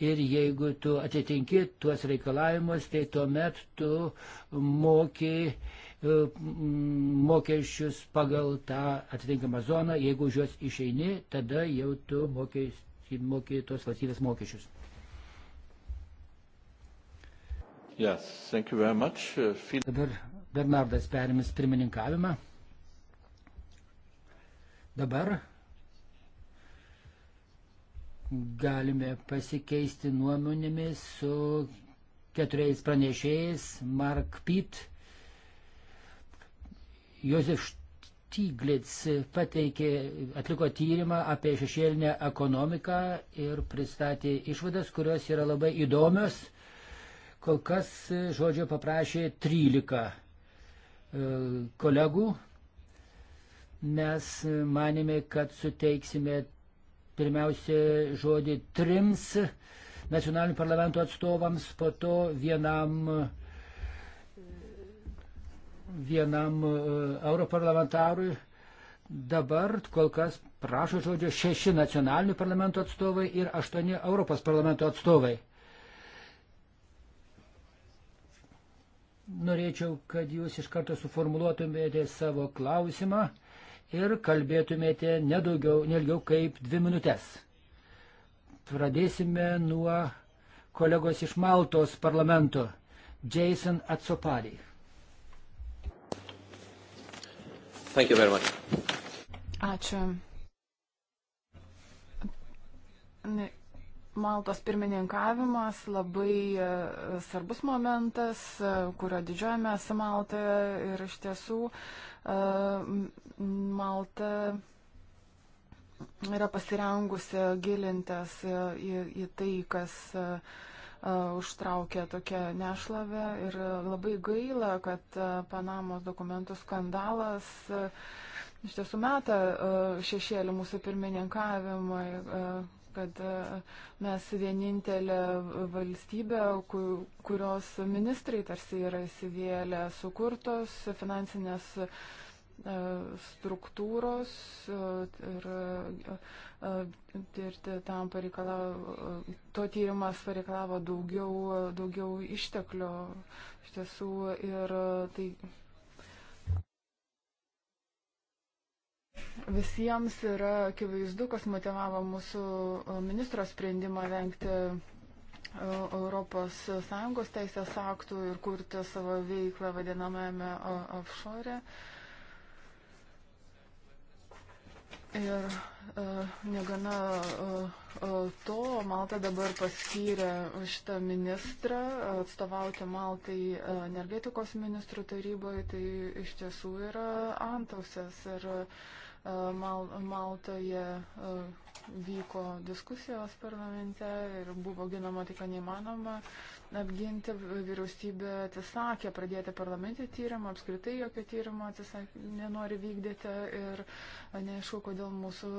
ir jeigu tu atitinki tuos reikalavimus, tai tuomet tu moki e, mokesčius pagal tą atitinkamą zoną, jeigu už juos išeini, tada jau tu mokės, mokėtos valstybės mokesčius. Yes, thank you very much. Uh, Dabar Bernardas perimis pirmininkavimą. Dabar galime pasikeisti nuomonėmis su keturiais pranešėjais Mark Pitt, Josef Št Tyglitz pateikė, atliko tyrimą apie šešėlinę ekonomiką ir pristatė išvadas, kurios yra labai įdomios. Kol kas e, žodžio paprašė 13 e, kolegų. Mes e, manėme, kad suteiksime pirmiausia žodį trims nacionalinių parlamentų atstovams, po to vienam uh, vienam e, europarlamentarui. Dabar kol kas prašo žodžio šeši nacionalinių parlamento atstovai ir aštuoni Europos parlamento atstovai. Norėčiau, kad jūs iš karto suformuluotumėte savo klausimą ir kalbėtumėte nedaugiau, nelgiau kaip dvi minutės. Pradėsime nuo kolegos iš Maltos parlamento, Jason Atsopadį. Thank you very much. Ačiū. Maltos pirmininkavimas labai e, svarbus momentas, e, kurio didžiuojamės Maltoje ir iš tiesų e, Malta yra pasirengusi gilintis į, į tai, kas užtraukė tokią nešlavę ir labai gaila, kad Panamos dokumentų skandalas iš tiesų meta šešėlį mūsų pirmininkavimui kad mes vienintelė valstybė, kurios ministrai tarsi yra įsivėlę sukurtos finansinės uh, E, struktūros e, ir tirti e, tam pareikalavo, to tyrimas pareikalavo daugiau, daugiau išteklių iš tiesų ir tai. Visiems yra akivaizdu, kas motivavo mūsų ministro sprendimą vengti ES teisės aktų ir kurti savo veiklą vadinamame offshore. E. Ir e, negana e, e, to, Malta dabar paskyrė šitą ministrą atstovauti Maltai energetikos ministrų taryboje, tai iš tiesų yra antausės ir Mal Maltoje vyko diskusijos parlamente ir buvo ginama tai, ką neįmanoma apginti. Vyriausybė atsisakė pradėti parlamente tyrimą, apskritai jokio tyrimo atsisakė, nenori vykdyti ir neaišku, kodėl mūsų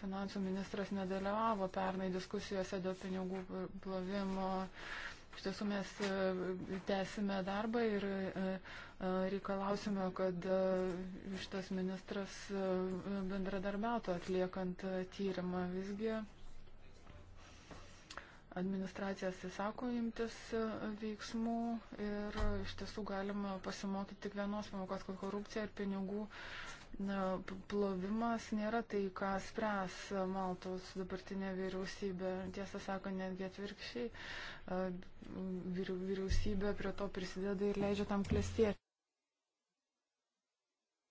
finansų ministras nedalyvavo pernai diskusijose dėl pinigų plovimo. Iš tiesų mes e, tęsime darbą ir. Uh, E, reikalausime, kad e, šitas ministras e, bendradarbiautų atliekant tyrimą. Visgi administracija atsisako imtis veiksmų ir iš tiesų galima pasimokyti tik vienos pamokos, kad korupcija ir pinigų plovimas nėra tai, ką spręs Maltos dabartinė vyriausybė. Tiesą sakant, netgi atvirkščiai vyriausybė prie to prisideda ir leidžia tam klestėti.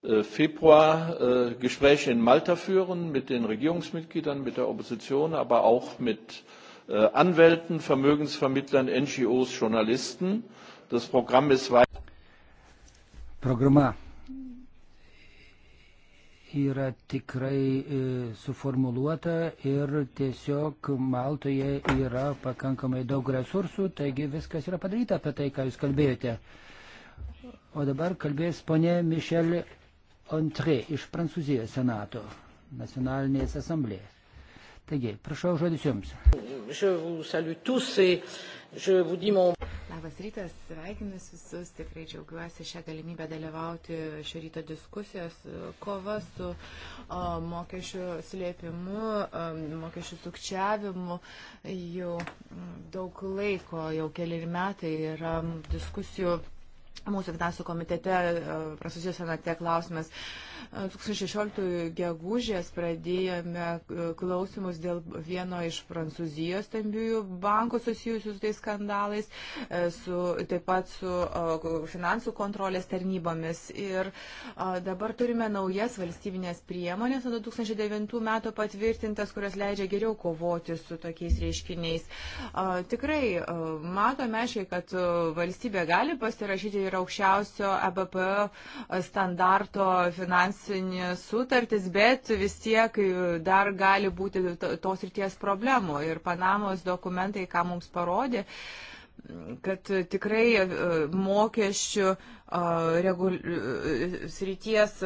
Äh, Februar äh, Gespräche in Malta führen mit den Regierungsmitgliedern, mit der Opposition, aber auch mit äh, Anwälten, Vermögensvermittlern, NGOs, Journalisten. Das Programm ist weiter. Programa yra tikrai e, suformuluota ir tiesiog Maltoje yra pakankamai daug resursų, taigi viskas yra padaryta apie tai, ką jūs kalbėjote. O dabar kalbės ponė Mišelė Antrė iš Prancūzijos senato nacionalinės asamblėjas. Taigi, prašau žodis jums. Labas rytas, sveikinu visus, tikrai džiaugiuosi šią galimybę dalyvauti šio ryto diskusijos. E, kova su o, mokesčių slėpimu, o, e, mokesčių sukčiavimu jau daug laiko, jau keli metai yra diskusijų mūsų finansų komitete e, Prancūzijos senate klausimas. 2016 e, gegužės pradėjome e, klausimus dėl vieno iš Prancūzijos stambiųjų bankų susijusių su tais skandalais, su, taip pat su finansų kontrolės tarnybomis. Ir dabar turime naujas valstybinės priemonės nuo 2009 metų patvirtintas, kurios leidžia geriau kovoti su tokiais reiškiniais. Tikrai matome, aiškiai, kad valstybė gali pasirašyti ir ir aukščiausio EBPO standarto finansinės sutartis, bet vis tiek dar gali būti tos ryties problemų. Ir Panamos dokumentai, ką mums parodė, kad tikrai e, mokesčių e, regul... E, srities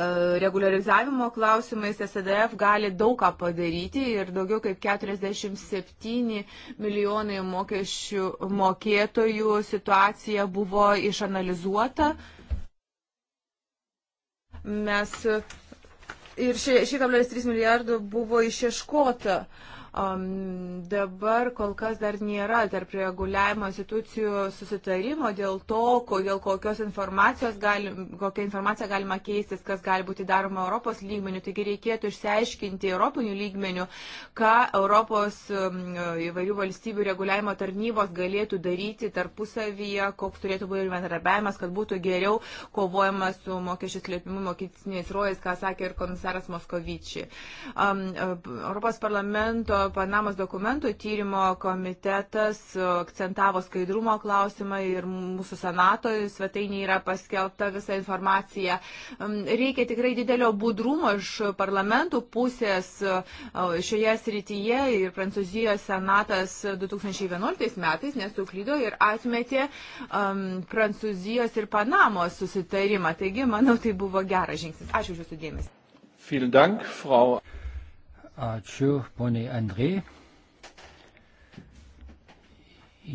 E, reguliarizavimo klausimais SDF gali daug ką padaryti ir daugiau kaip 47 milijonai mokesčių mokėtojų situacija buvo išanalizuota. Mes ir 6,3 milijardų buvo išieškota. Uh, Um, dabar kol kas dar nėra tarp reguliavimo institucijų susitarimo dėl to, dėl kokios informacijos galim, kokią informaciją galima keistis, kas gali būti daroma Europos lygmenių. Taigi reikėtų išsiaiškinti Europinių lygmenių, ką Europos um, įvairių valstybių reguliavimo tarnybos galėtų daryti tarpusavyje, koks turėtų būti bendradarbiavimas, kad būtų geriau kovojama su mokesčių slėpimu, mokestiniais rojais, ką sakė ir komisaras Moskovičiai. Um, Europos parlamento Panamos dokumentų tyrimo komitetas akcentavo skaidrumo klausimą ir mūsų senato svetainė yra paskelbta visa informacija. Mm, reikia tikrai didelio budrumo iš parlamentų pusės e, šioje srityje ir Prancūzijos senatas 2011 metais nesuklydo ir atmetė um, Prancūzijos ir Panamos susitarimą. Taigi, manau, tai buvo geras žingsnis. Ačiū už Jūsų dėmesį. Vielen Dank, Frau. Ačiū, poniai Andrei.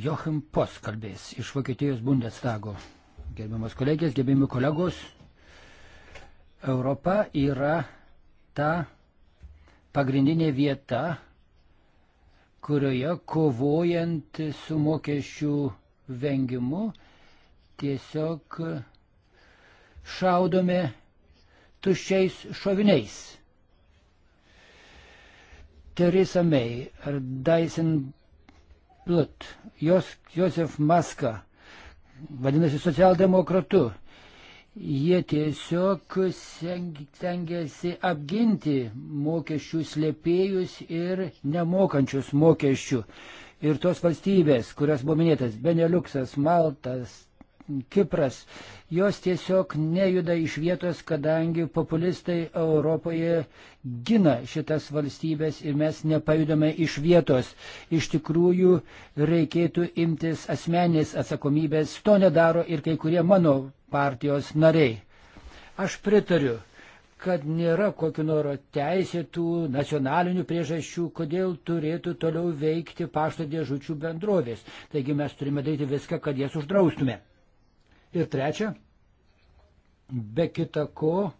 Joachim Pos kalbės iš Vokietijos Bundestago. Gerbiamas kolegės, gerbiami kolegos, Europa yra ta pagrindinė vieta, kurioje kovojant su mokesčių vengimu tiesiog šaudome tuščiais šoviniais. Theresa May ar Dyson Blut, jos, Josef Maska, vadinasi socialdemokratu, jie tiesiog stengiasi apginti mokesčių slėpėjus ir nemokančius mokesčių. Ir tos valstybės, kurios buvo minėtas, Beneliuksas, Maltas, Kipras. Jos tiesiog nejuda iš vietos, kadangi populistai Europoje gina šitas valstybės ir mes nepajudame iš vietos. Iš tikrųjų, reikėtų imtis asmenės atsakomybės. To nedaro ir kai kurie mano partijos nariai. Aš pritariu kad nėra kokiu noro teisėtų nacionalinių priežasčių, kodėl turėtų toliau veikti pašto dėžučių bendrovės. Taigi mes turime daryti viską, kad jas uždraustume. Ir trečia, be kita ko,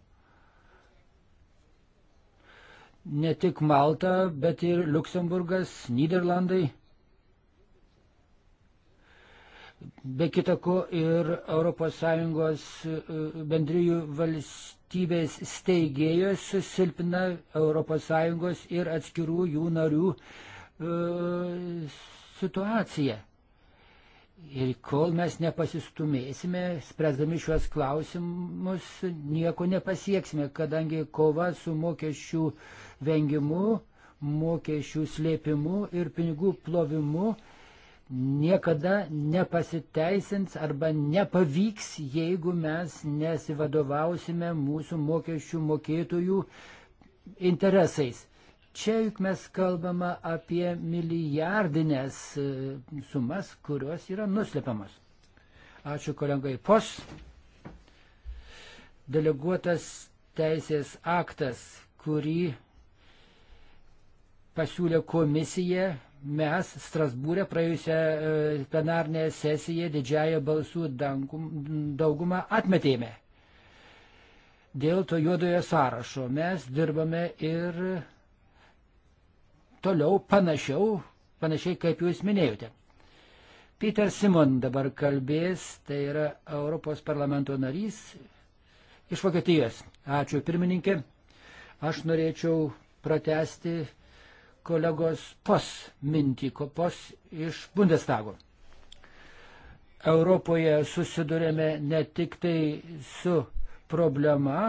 ne tik Malta, bet ir Luksemburgas, Niderlandai. Be kita ko ir ES e, bendrijų valstybės steigėjos silpina ES ir atskirų jų narių e, situaciją. Ir kol mes nepasistumėsime, spręsdami šiuos klausimus, nieko nepasieksime, kadangi kova su mokesčių vengimu, mokesčių slėpimu ir pinigų plovimu niekada nepasiteisins arba nepavyks, jeigu mes nesivadovausime mūsų mokesčių mokėtojų interesais. Čia juk mes kalbame apie milijardinės e, sumas, kurios yra nuslepiamas. Ačiū kolegai POS. Deleguotas teisės aktas, kurį pasiūlė komisija, mes Strasbūrė praėjusią e, plenarnę sesiją didžiąją balsų daugumą atmetėme. Dėl to juodojo sąrašo mes dirbame ir toliau panašiau, panašiai kaip jūs minėjote. Peter Simon dabar kalbės, tai yra Europos parlamento narys iš Vokietijos. Ačiū pirmininkė. Aš norėčiau pratesti kolegos pos mintį, pos iš Bundestago. Europoje susidurėme ne tik tai su problema,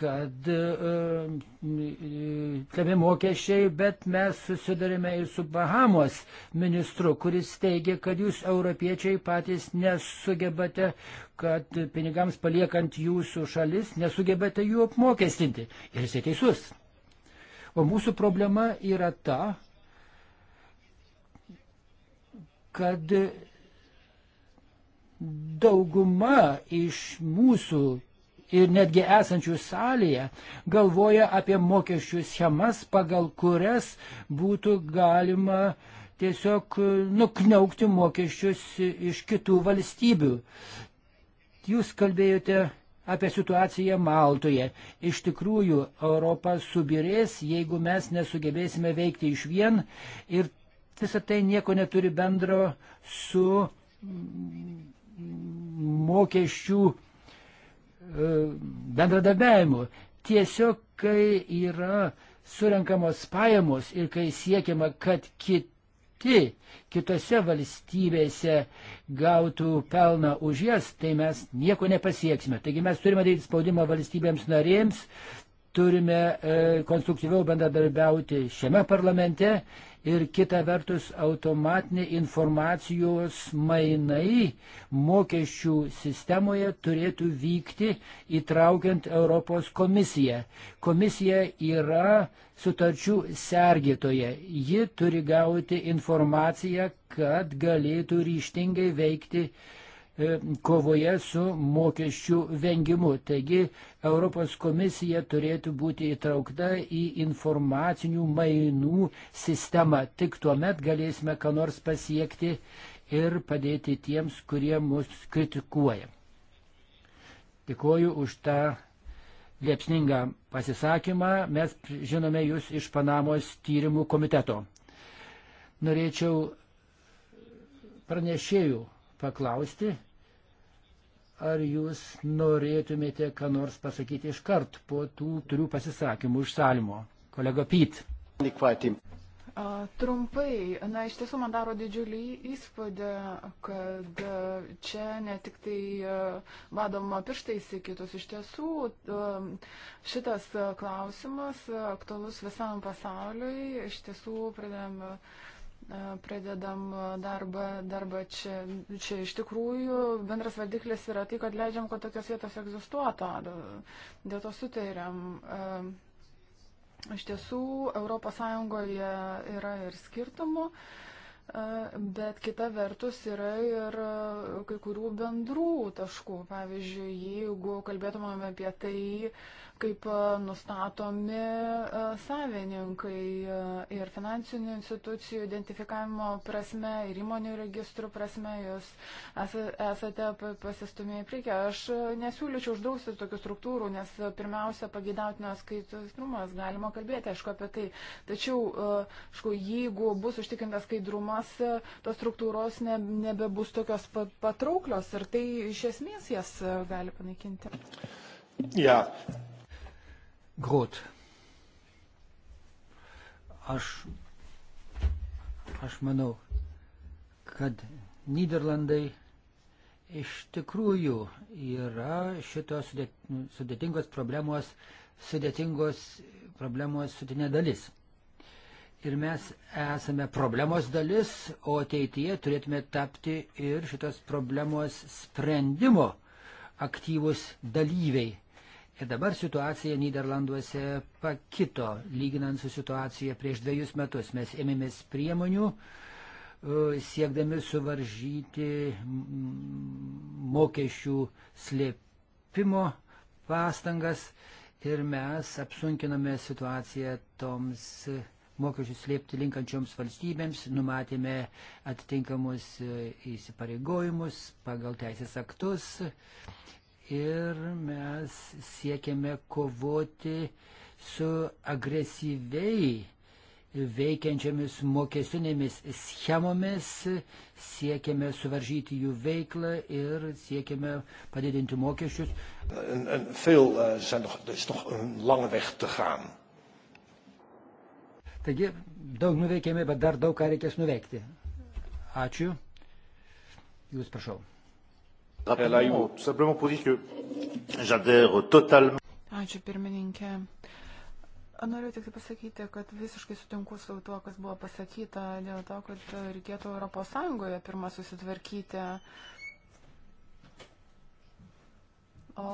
kad tame e, e, mokesčiai, bet mes susidarėme ir su Bahamos ministru, kuris teigia, kad jūs europiečiai patys nesugebate, kad pinigams paliekant jūsų šalis, nesugebate jų apmokestinti. Ir jisai teisus. O mūsų problema yra ta, kad dauguma iš mūsų ir netgi esančių salėje galvoja apie mokesčių schemas, pagal kurias būtų galima tiesiog e, nukneukti mokesčius iš kitų valstybių. Jūs kalbėjote apie situaciją Maltoje. Iš tikrųjų, Europa subirės, jeigu mes nesugebėsime veikti iš vien ir visą tai nieko neturi bendro su mokesčių E, bendradarbiavimu. Tiesiog, kai yra surenkamos pajamos ir kai siekiama, kad kiti kitose valstybėse gautų pelną už jas, tai mes nieko nepasieksime. Taigi mes turime daryti spaudimą valstybėms narėms, turime e, konstruktyviau bendradarbiauti šiame parlamente ir kita vertus automatinė informacijos mainai mokesčių sistemoje turėtų vykti įtraukiant Europos komisiją. Komisija yra sutarčių sergėtoje. Ji turi gauti informaciją, kad galėtų ryštingai veikti E, kovoje su mokesčių vengimu. Taigi Europos komisija turėtų būti įtraukta į informacinių mainų sistemą. Tik tuo met galėsime ką nors pasiekti ir padėti tiems, kurie mus kritikuoja. Dėkuoju už tą liepsningą pasisakymą. Mes žinome jūs iš Panamos tyrimų komiteto. Norėčiau pranešėjų paklausti, Ar jūs norėtumėte, ką nors pasakyti iš kart po tų turių pasisakymų iš salimo? Kolega Pyt. Trumpai, na iš tiesų man daro didžiulį įspūdį, kad čia ne tik tai vadoma pirštais į kitus, iš tiesų šitas klausimas aktualus visam pasauliui, iš tiesų pradėjome pradedam darbą, darbą čia. Čia iš tikrųjų bendras vardiklis yra tai, kad leidžiam, kad tokios vietos egzistuotų. Dėl to sutariam. Iš tiesų, ES yra ir skirtumų. Bet kita vertus yra ir kai kurių bendrų taškų. Pavyzdžiui, jeigu kalbėtumėm apie tai, kaip e, nustatomi e, savininkai e, ir finansinių institucijų identifikavimo prasme, ir įmonių registrų prasme, jūs esate pasistumėję priekį. Aš nesiūlyčiau uždrausti tokių struktūrų, nes pirmiausia, pagidautinio skaitrumas, galima kalbėti, aišku, apie tai. Tačiau, aišku, jeigu bus užtikrintas skaidrumas, tos struktūros ne, nebebus tokios patrauklios ir tai iš esmės jas gali panaikinti. Yeah. Grot. Aš, aš manau, kad Niderlandai iš tikrųjų yra šitos sudėtingos problemos, sudėtingos problemos sudėtinė dalis. Ir mes esame problemos dalis, o ateityje turėtume tapti ir šitos problemos sprendimo aktyvus dalyviai. Ir dabar situacija Niderlanduose pakito, lyginant su situacija prieš dviejus metus. Mes ėmėmės priemonių, e, siekdami suvaržyti mokesčių slėpimo pastangas ir mes apsunkiname situaciją toms mokesčių slėpti linkančioms valstybėms, numatėme atitinkamus e, įsipareigojimus pagal teisės aktus ir mes siekiame kovoti su agresyviai veikiančiamis mokesinėmis schemomis, siekiame suvaržyti jų veiklą ir siekiame padidinti mokesčius. En, en veel, uh, zijn nog, er is nog een lange weg te gaan. Taigi daug nuveikėme, bet dar daug ką reikės nuveikti. Ačiū. Jūs prašau. Ačiū pirmininkė. Noriu tik tai pasakyti, kad visiškai sutinku su tuo, kas buvo pasakyta dėl to, kad reikėtų ES pirmą susitvarkyti O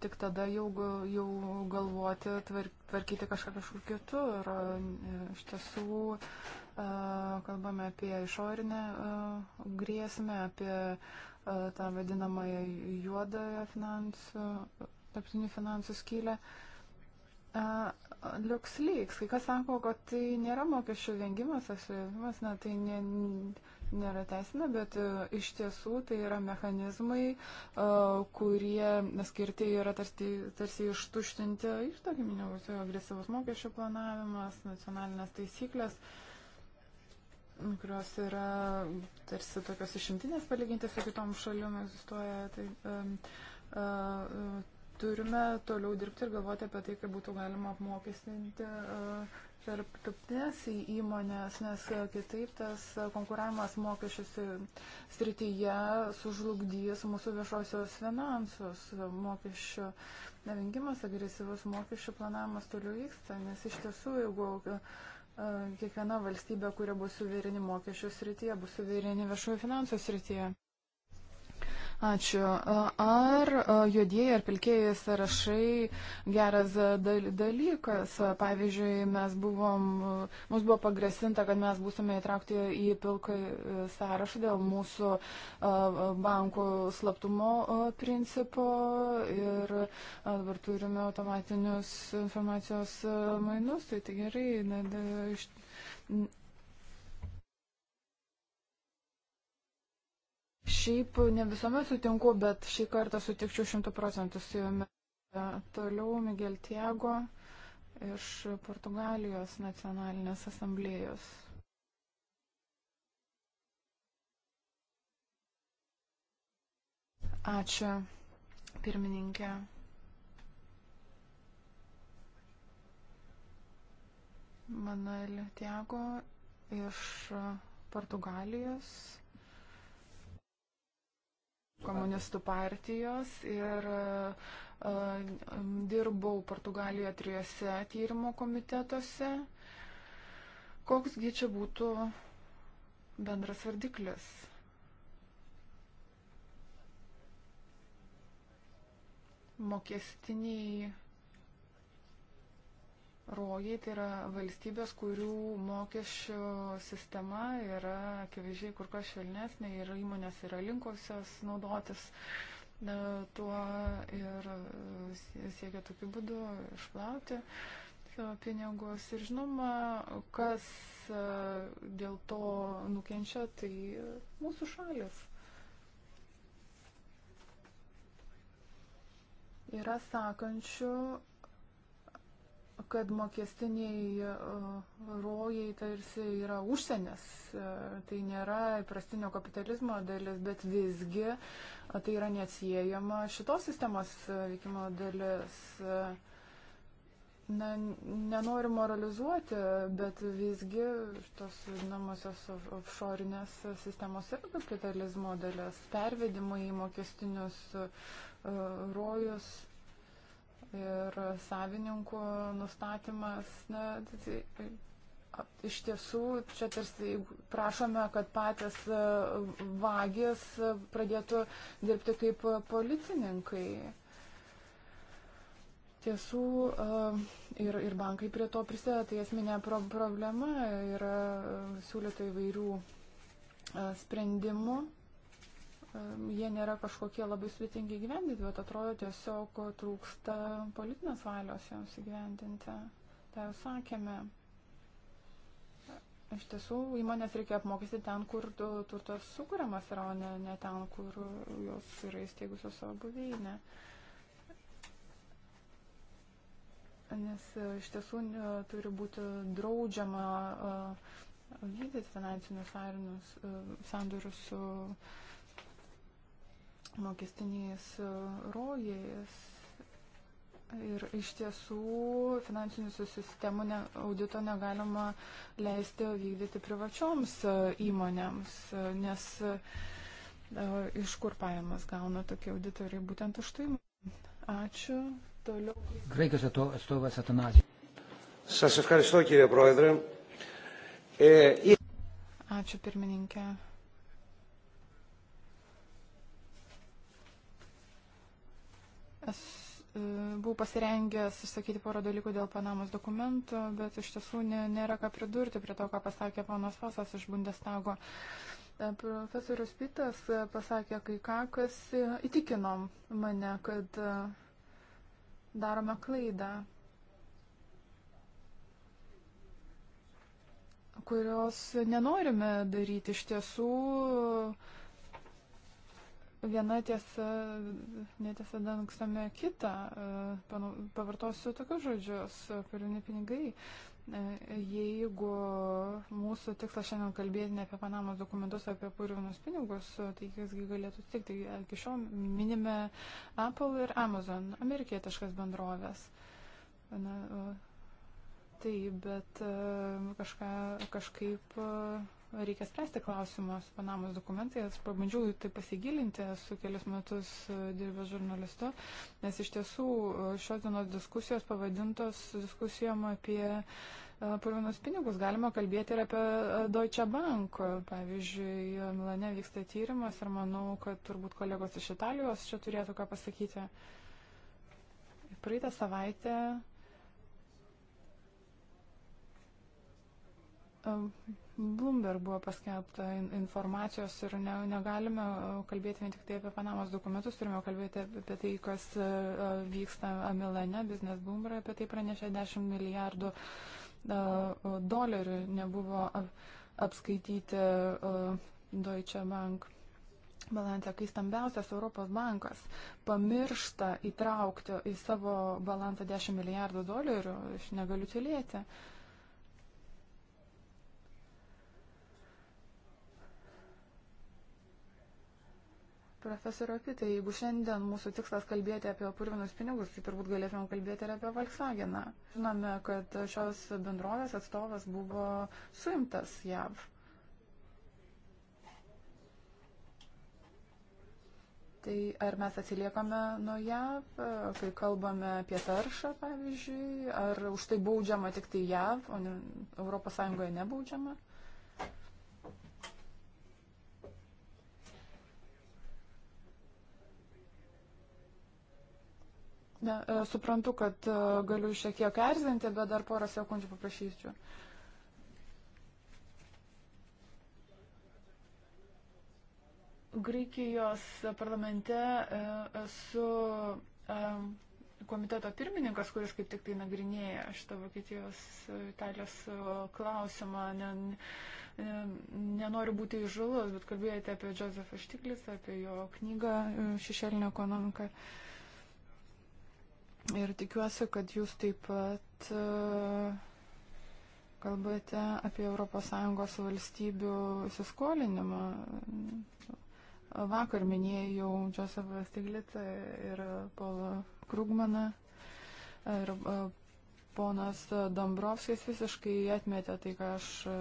tik tada jau, jau galvoti, tvarkyti kažką kažkur kitur. Iš tiesų, kalbame apie išorinę grėsmę, apie E, tą vadinamąją juodąją finansų, tarptautinių finansų skylę. E, LuxLeaks, kai kas sako, kad tai nėra mokesčių vengimas, apsivavimas, na tai ne, nėra teisina, bet e, iš tiesų tai yra mechanizmai, kurie skirti yra tarsi, tarsi ištuštinti ištakyminimus, agresyvus mokesčių planavimas, nacionalinės taisyklės. Uh, kurios yra tarsi tokios išimtinės palyginti su kitom šalim egzistuoja, tai um, uh, turime toliau dirbti ir galvoti apie tai, kaip būtų galima apmokestinti uh, tarptautinės įmonės, nes kitaip tas konkuravimas mokesčius srityje sužlugdys mūsų viešosios finansus mokesčių. Nevengimas, agresyvus mokesčių planavimas toliau vyksta, nes iš tiesų, jeigu uh, kiekviena valstybė, kuria bus suvereni mokesčių srityje, bus suvereni viešųjų finansų srityje. Ačiū. Ar juodieji ar pilkėjai sąrašai geras dalykas? Pavyzdžiui, mes buvom, mums buvo pagrasinta, kad mes būsime įtraukti į pilką e, sąrašą dėl mūsų bankų slaptumo principo ir dabar turime automatinius informacijos mainus. Tai, tai gerai. Na, da, iš, Šiaip ne visuomet sutinku, bet šį kartą sutikčiau šimtų procentų su jumis. E, toliau Miguel Tiago iš Portugalijos nacionalinės asamblėjos. Ačiū, pirmininkė. Manuel Tiago iš Portugalijos komunistų partijos ir e, dirbau Portugalijoje trijose tyrimo komitetuose. Koksgi čia būtų bendras vardiklis? Mokestiniai rojai tai yra valstybės, kurių mokesčių sistema yra akivaizdžiai kur kas švelnesnė ir įmonės yra linkusios naudotis e, tuo ir e, siekia tokiu būdu išplauti pinigus. Ir žinoma, kas e, dėl to nukenčia, tai mūsų šalis. Yra sakančių, kad mokestiniai e, rojai tarsi yra užsienės, e, tai nėra prastinio kapitalizmo dalis, bet visgi e, tai yra neatsiejama šitos sistemos veikimo dalis. Na, nenoriu moralizuoti, bet visgi tos vadinamosios offshore'inės sistemos yra kapitalizmo dalis, pervedimai į mokestinius uh, rojus. Uh, ir savininkų nustatymas. Na, tai, Iš tiesų, čia tarsi prašome, kad patys e, vagys e, pradėtų dirbti kaip policininkai. Tiesų, e, ir, ir bankai prie to prisideda, tai esminė pro problema yra siūlyta įvairių sprendimų jie nėra kažkokie labai sudėtingi gyvendinti, bet atrodo tiesiog trūksta politinės valios joms įgyvendinti. Tai jau sakėme. Iš tiesų, įmonės reikia apmokyti ten, kur turtas sukūriamas yra, o ne, ne ten, kur jos yra įsteigusios savo buveinę. Nes e, iš tiesų e, turi būti draudžiama e, vykdyti finansinius sandorius su. Uh, mokestiniais e, rojais. Ir iš tiesų finansinių sistemų ne, audito negalima leisti vykdyti privačioms e, įmonėms, e, nes e, iš kur pajamas gauna tokie auditoriai būtent už tai. Ačiū. Toliau. Graikijos atstovas Atanasijus. Σας ευχαριστώ κύριε Πρόεδρε. Ε, Ačiū pirmininkė. Aš e, buvau pasirengęs išsakyti porą dalykų dėl Panamos dokumentų, bet iš tiesų nėra ką pridurti prie to, ką pasakė panas Fasas iš Bundestago. E, profesorius Pitas e, pasakė kai ką, kas įtikino mane, kad darome klaidą, kurios nenorime daryti iš tiesų viena tiesa, netiesa dangstame kitą. E, pavartosiu tokius žodžius - pilni pinigai. E, jeigu mūsų tikslas šiandien kalbėti ne apie Panamos dokumentus, apie purvinus pinigus, tai kasgi galėtų tikti. Iki šiol minime Apple ir Amazon, amerikietiškas bendrovės. Na, e, taip, bet kažką, kažkaip reikia spręsti klausimus Panamos dokumentai. Aš pabandžiau tai pasigilinti, esu kelius metus e, dirbęs žurnalistu, nes iš tiesų e, šios dienos diskusijos pavadintos diskusijom apie e, pavinus pinigus. Galima kalbėti ir apie Deutsche Bank. Pavyzdžiui, Milane vyksta tyrimas ir manau, kad turbūt kolegos iš Italijos čia turėtų ką pasakyti. Praeitą savaitę Bloomberg buvo paskelbta informacijos ir ne, negalime e, kalbėti vien tik tai apie Panamos dokumentus, turime kalbėti apie tai, kas e, e, vyksta Milane, Business Bloomberg apie tai pranešė 10 milijardų dolerių nebuvo apskaityti Deutsche Bank balansą, kai stambiausias Europos bankas pamiršta įtraukti į savo balansą 10 milijardų dolerių, aš negaliu tylėti. Uh, Profesorio Pitai, jeigu šiandien mūsų tikslas kalbėti apie purvinus pinigus, tai turbūt galėtumėm kalbėti ir apie Volkswageną. Žinome, kad šios bendrovės atstovas buvo suimtas JAV. Tai ar mes atsiliekame nuo JAV, kai kalbame apie taršą, pavyzdžiui, ar už tai baudžiama tik tai JAV, o ne, Europos Sąjungoje nebaudžiama? Na, e, suprantu, kad e, galiu šiek tiek erzinti, bet dar porą sekundžių paprašysiu. Graikijos parlamente e, esu komiteto pirmininkas, kuris kaip tik tai nagrinėja šitą Vokietijos Italijos klausimą. Ne, ne, nenoriu būti įžulus, bet kalbėjote apie Josefą Štiklis, apie jo knygą Šešėlinė ekonomika. Uh, Ir tikiuosi, kad jūs taip pat e, kalbate apie ES valstybių įsiskolinimą. Vakar minėjau Josefą Stiglitą ir Paulą Krugmaną. Ir e, ponas Dombrovskis visiškai atmetė tai, ką aš e,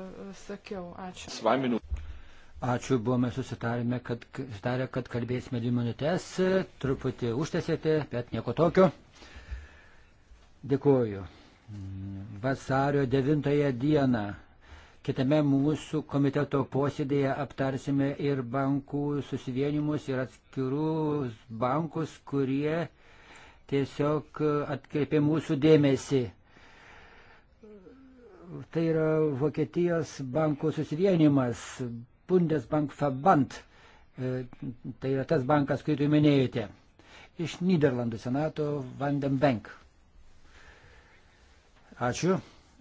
sakiau. Ačiū. Svaiminu. Ačiū, buvome susitarę, kad, sutarę, kad kalbėsime dvi minutės, truputį užtesėte, bet nieko tokio. Dėkuoju. Vasario 9 dieną kitame mūsų komiteto posėdėje aptarsime ir bankų susivienimus ir atskirus bankus, kurie tiesiog atkreipė mūsų dėmesį. Tai yra Vokietijos bankų susivienimas, Bundesbank Verband. E, tai yra tas bankas, kurį tu minėjote. Iš Niderlandų senato Vandenbank. Ačiū.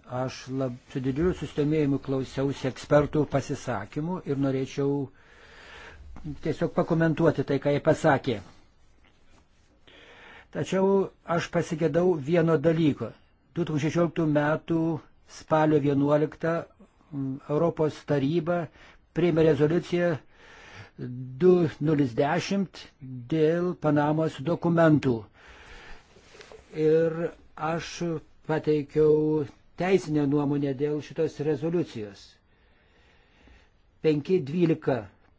Aš lab, su dideliu sustomėjimu klausiausi ekspertų pasisakymų ir norėčiau tiesiog pakomentuoti tai, ką jie pasakė. Tačiau aš pasigėdau vieno dalyko. 2016 m. spalio 11 Europos taryba priėmė rezoliuciją 2010 dėl Panamos dokumentų. Ir aš pateikiau teisinę nuomonę dėl šitos rezoliucijos. 5.12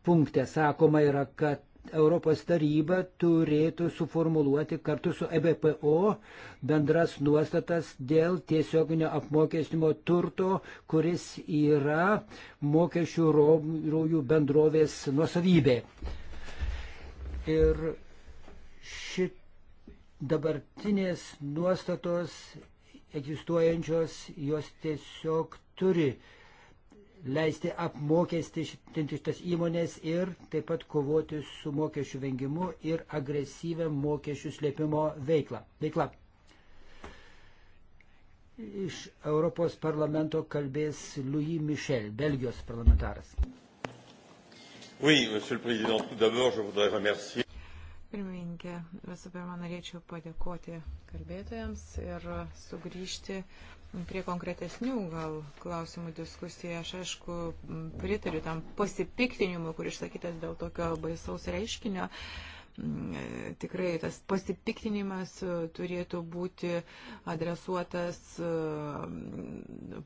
punkte sakoma yra, kad Europos taryba turėtų suformuluoti kartu su EBPO bendras nuostatas dėl tiesioginio apmokestinimo turto, kuris yra mokesčių rojų bendrovės nuosavybė. Ir šit dabartinės nuostatos egzistuojančios, jos tiesiog turi leisti apmokestinti šitas įmonės ir taip pat kovoti su mokesčių vengimu ir agresyvę mokesčių slėpimo veiklą. veiklą. Iš Europos parlamento kalbės Louis Michel, Belgijos parlamentaras. Oui, Monsieur le Président, tout d'abord, je voudrais remercier pirmininkė. Visų pirma, norėčiau padėkoti kalbėtojams ir sugrįžti prie konkretesnių gal klausimų diskusiją. Aš aišku pritariu tam pasipiktinimui, kur išsakytas dėl tokio baisaus reiškinio. Uh, Mm, tikrai tas pasipiktinimas e, turėtų būti adresuotas e,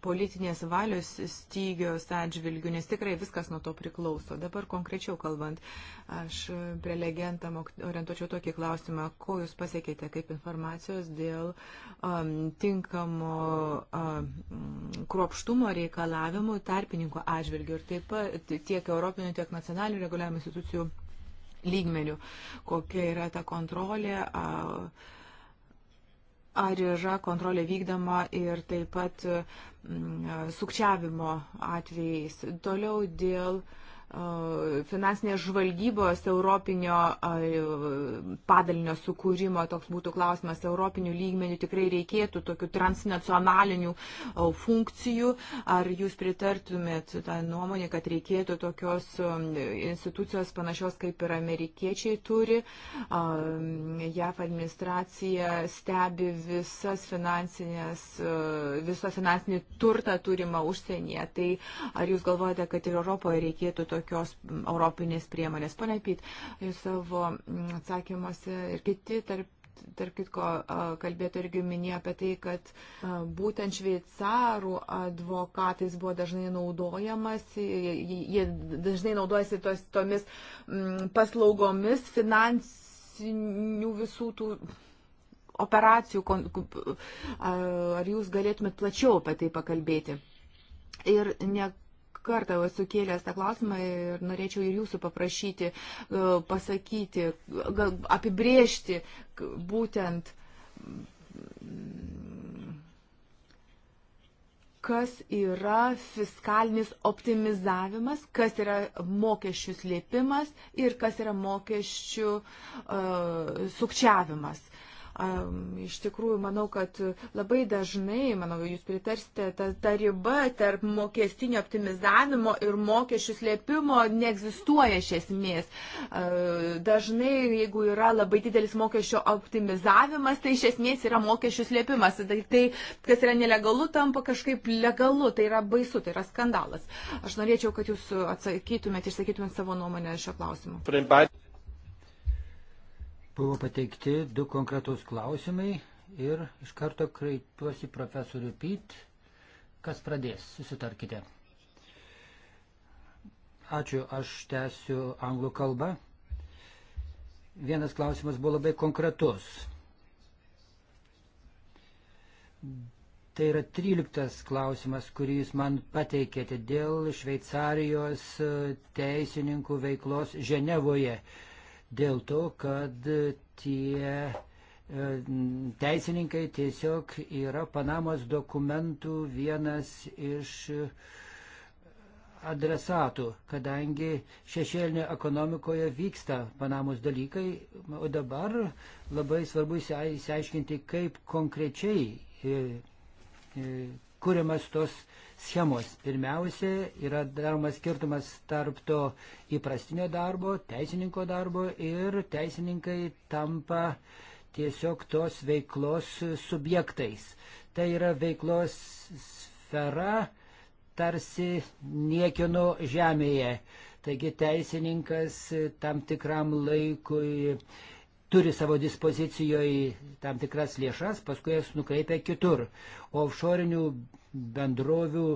politinės valios stygios atžvilgių, nes tikrai viskas nuo to priklauso. Dabar konkrečiau kalbant, aš prelegentam orientuočiau tokį klausimą, ko jūs pasiekėte kaip informacijos dėl um, tinkamo um, kruopštumo reikalavimų tarpininkų atžvilgių ir taip pat tiek Europinių, tiek nacionalinių reguliavimo institucijų lygmenių, kokia yra ta kontrolė. Ar yra kontrolė vykdoma ir taip pat sukčiavimo atvejais. Toliau dėl uh, finansinės žvalgybos europinio padalinio sukūrimo, toks būtų klausimas, europinių lygmenių tikrai reikėtų tokių transnacionalinių funkcijų. Ar jūs pritartumėt tą nuomonę, kad reikėtų tokios institucijos panašios kaip ir amerikiečiai turi? JAF administracija stebi visas finansinės, visą finansinį turtą turimą užsienyje. Tai ar jūs galvojate, kad ir Europoje reikėtų tokių tokios europinės priemonės. Pone Pyt, jūs savo atsakymuose ir kiti tarp tarp kitko kalbėtų irgi minėjo apie tai, kad būtent šveicarų advokatais buvo dažnai naudojamas, jie dažnai naudojasi tos, tomis paslaugomis finansinių visų tų operacijų. Ar jūs galėtumėt plačiau apie tai pakalbėti? Ir ne kartą sukėlęs tą klausimą ir norėčiau ir jūsų paprašyti, e, pasakyti, gal apibriežti būtent kas yra fiskalinis optimizavimas, kas yra mokesčių slėpimas ir kas yra mokesčių uh, sukčiavimas. Uh, Iš tikrųjų, manau, kad labai dažnai, manau, jūs pritarsite, ta, ta riba tarp mokestinio optimizavimo ir mokesčių slėpimo neegzistuoja iš esmės. Dažnai, jeigu yra labai didelis mokesčio optimizavimas, tai iš esmės yra mokesčių slėpimas. Tai, tai, kas yra nelegalu, tampa kažkaip legalu. Tai yra baisu, tai yra skandalas. Aš norėčiau, kad jūs atsakytumėte, išsakytumėte savo nuomonę šio klausimu. Buvo pateikti du konkretus klausimai ir iš karto kreipiuosi profesorių Pyt, kas pradės, susitarkite. Ačiū, aš tęsiu anglų kalbą. Vienas klausimas buvo labai konkretus. Tai yra 13 klausimas, kurį jūs man pateikėte dėl Šveicarijos teisininkų veiklos Ženevoje dėl to, kad tie e, teisininkai tiesiog yra Panamos dokumentų vienas iš adresatų, kadangi šešėlinė ekonomikoje vyksta Panamos dalykai, o dabar labai svarbu įsiaiškinti, kaip konkrečiai e, e, kuriamas tos schemos. Pirmiausia, yra daromas skirtumas tarp to įprastinio darbo, teisininko darbo ir teisininkai tampa tiesiog tos veiklos subjektais. Tai yra veiklos sfera tarsi niekino žemėje. Taigi teisininkas tam tikram laikui turi savo dispozicijoje tam tikras lėšas, paskui jas nukreipia kitur. Offshore'inių bendrovių e,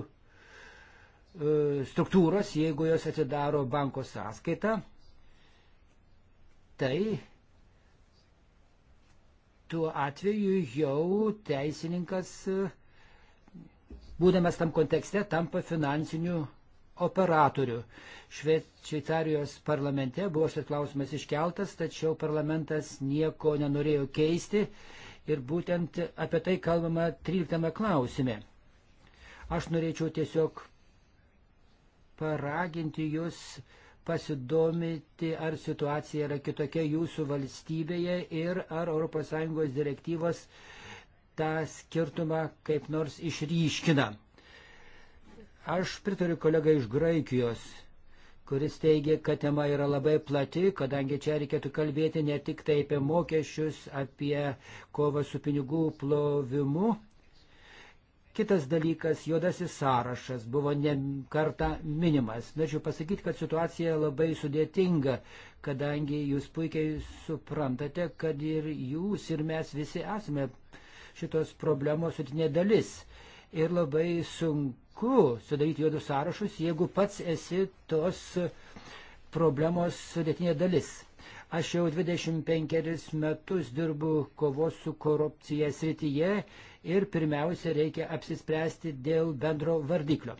struktūros, jeigu jos atidaro banko sąskaitą, tai tuo atveju jau teisininkas, e, būdamas tam kontekste, tampa finansiniu operatoriu. Šveicarijos parlamente buvo šis klausimas iškeltas, tačiau parlamentas nieko nenorėjo keisti ir būtent apie tai kalbama 13 klausime. Aš norėčiau tiesiog paraginti jūs pasidomyti, ar situacija yra kitokia jūsų valstybėje ir ar ES direktyvos tą skirtumą kaip nors išryškina. Aš pritariu kolegai iš Graikijos, kuris teigia, kad tema yra labai plati, kadangi čia reikėtų kalbėti ne tik tai apie mokesčius, apie kovą su pinigų plovimu, Kitas dalykas, juodasis sąrašas buvo ne kartą minimas. Norėčiau pasakyti, kad situacija labai sudėtinga, kadangi jūs puikiai suprantate, kad ir jūs, ir mes visi esame šitos problemos sutinė dalis. Ir labai sunku sudaryti juodus sąrašus, jeigu pats esi tos problemos sudėtinė dalis. Aš jau 25 metus dirbu kovos su korupcija srityje ir pirmiausia reikia apsispręsti dėl bendro vardiklio.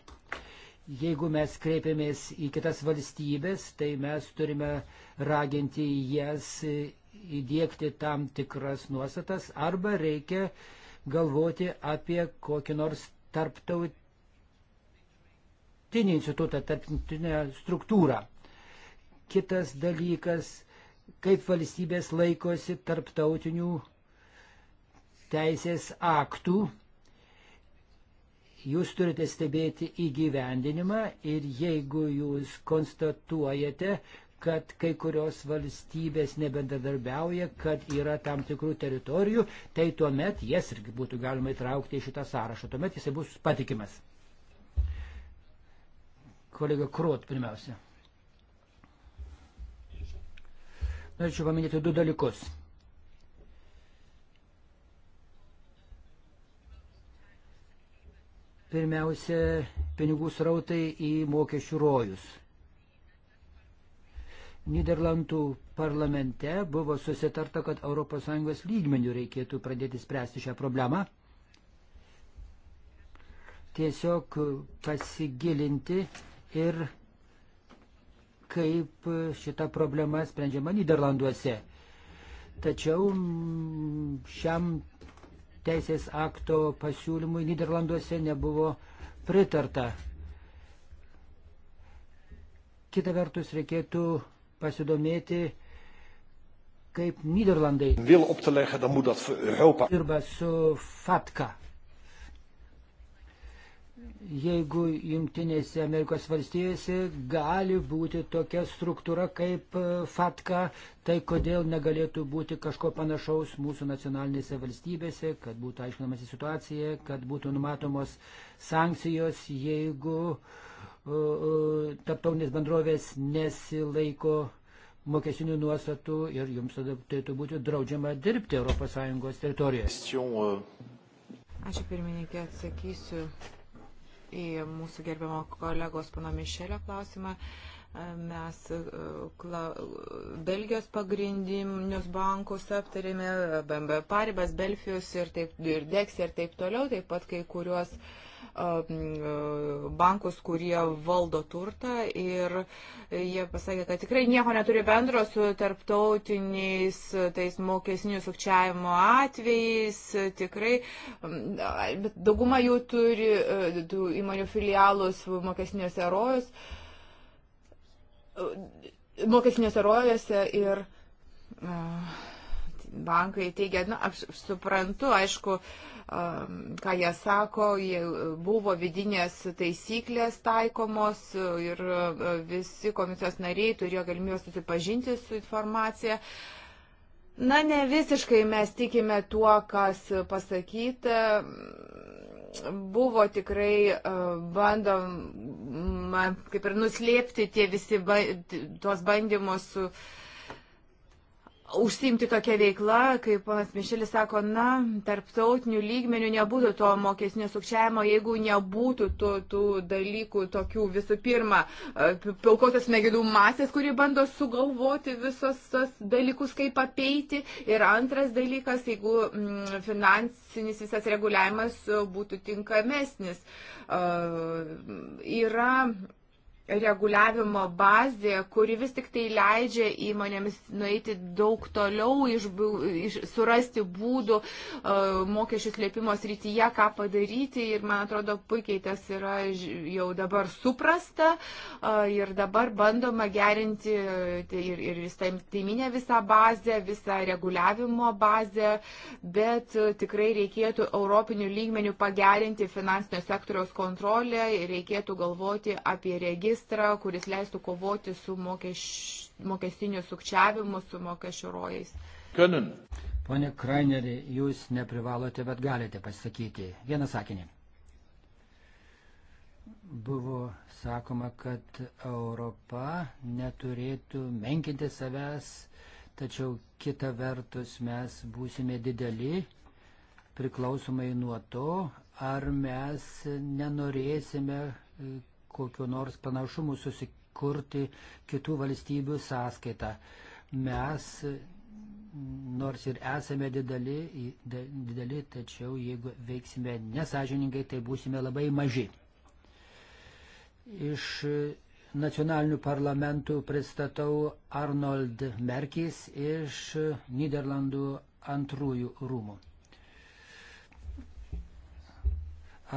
Jeigu mes kreipiamės į kitas valstybės, tai mes turime raginti jas įdėkti tam tikras nuostatas arba reikia galvoti apie kokį nors tarptautinį institutą, tarptautinę struktūrą. Kitas dalykas kaip valstybės laikosi tarptautinių teisės aktų. Jūs turite stebėti įgyvendinimą ir jeigu jūs konstatuojate, kad kai kurios valstybės nebendradarbiauja, kad yra tam tikrų teritorijų, tai tuomet jas irgi būtų galima įtraukti į šitą sąrašą. Tuomet jisai bus patikimas. Kolega Krot pirmiausia. Norėčiau paminėti du dalykus. Pirmiausia, pinigų srautai į mokesčių rojus. Niderlandų parlamente buvo susitarta, kad ES lygmenių reikėtų pradėti spręsti šią problemą. Tiesiog pasigilinti ir kaip šita problema sprendžiama Niderlanduose. Tačiau šiam teisės akto pasiūlymui Niderlanduose nebuvo pritarta. Kita vertus reikėtų pasidomėti, kaip Niderlandai dirba su FATKA jeigu Junktinėse Amerikos valstijose gali būti tokia struktūra kaip e, FATKA, tai kodėl negalėtų būti kažko panašaus mūsų nacionalinėse valstybėse, kad būtų aiškinamasi situacija, kad būtų numatomos sankcijos, jeigu uh, tarptautinės bendrovės nesilaiko mokesinių nuostatų ir jums tada turėtų būti draudžiama dirbti ES teritorijoje. Ačiū pirmininkė, atsakysiu į mūsų gerbiamo kolegos pana Mišelio klausimą. Mes kla, Belgijos pagrindinius bankus aptarėme, BMB Paribas, Belfius ir, taip, ir Dex ir taip toliau, taip pat kai kuriuos uh, Um, bankus, kurie valdo turtą ir jie pasakė, kad tikrai nieko neturi bendro su tarptautiniais uh, tais mokesnių sukčiavimo atvejais, tikrai, um, bet dauguma jų turi uh, įmonių filialus mokesniuose rojus, uh, mokesniuose rojuose ir bankai teigia, na, aš suprantu, aišku, uh, ką jie sako, jie e, buvo vidinės taisyklės taikomos ir e, visi komisijos nariai turėjo galimybę susipažinti su informacija. Na, ne visiškai mes tikime tuo, kas pasakyta. Buvo tikrai e, bandom, kaip ir nuslėpti tie visi, ba, tuos bandymus su. Uh, užsiimti tokią veiklą, kaip panas Mišelis sako, na, tarptautinių lygmenių nebūtų to mokesnio sukčiavimo, jeigu nebūtų tų, tų dalykų tokių visų pirma, e, pilkosios smegenų masės, kuri bando sugalvoti visos tos dalykus, kaip apeiti. Ir antras dalykas, jeigu m, mm, finansinis visas reguliavimas būtų tinkamesnis. Uh, yra reguliavimo bazė, kuri vis tik tai leidžia įmonėms nueiti daug toliau, iš, iš, surasti būdų uh, mokesčių slėpimo srityje, ką padaryti. Ir man atrodo, puikiai tas yra jau dabar suprasta uh, ir dabar bandoma gerinti tai ir, ir visą teiminę visą bazę, visą reguliavimo bazę, bet uh, tikrai reikėtų europinių lygmenių pagerinti finansinio sektoriaus kontrolę ir reikėtų galvoti apie registrą registrą, kuris leistų kovoti su mokeš, mokestiniu sukčiavimu, su mokesčių rojais. Können. Pone Krainerį, jūs neprivalote, bet galite pasakyti. Vieną sakinį. Buvo sakoma, kad Europa neturėtų menkinti savęs, tačiau kita vertus mes būsime dideli, priklausomai nuo to, ar mes nenorėsime kokiu nors panašumu susikurti kitų valstybių sąskaitą. Mes, nors ir esame dideli, dideli tačiau jeigu veiksime nesažiningai, tai būsime labai maži. Iš nacionalinių parlamentų pristatau Arnold Merkis iš Niderlandų antrųjų rūmų.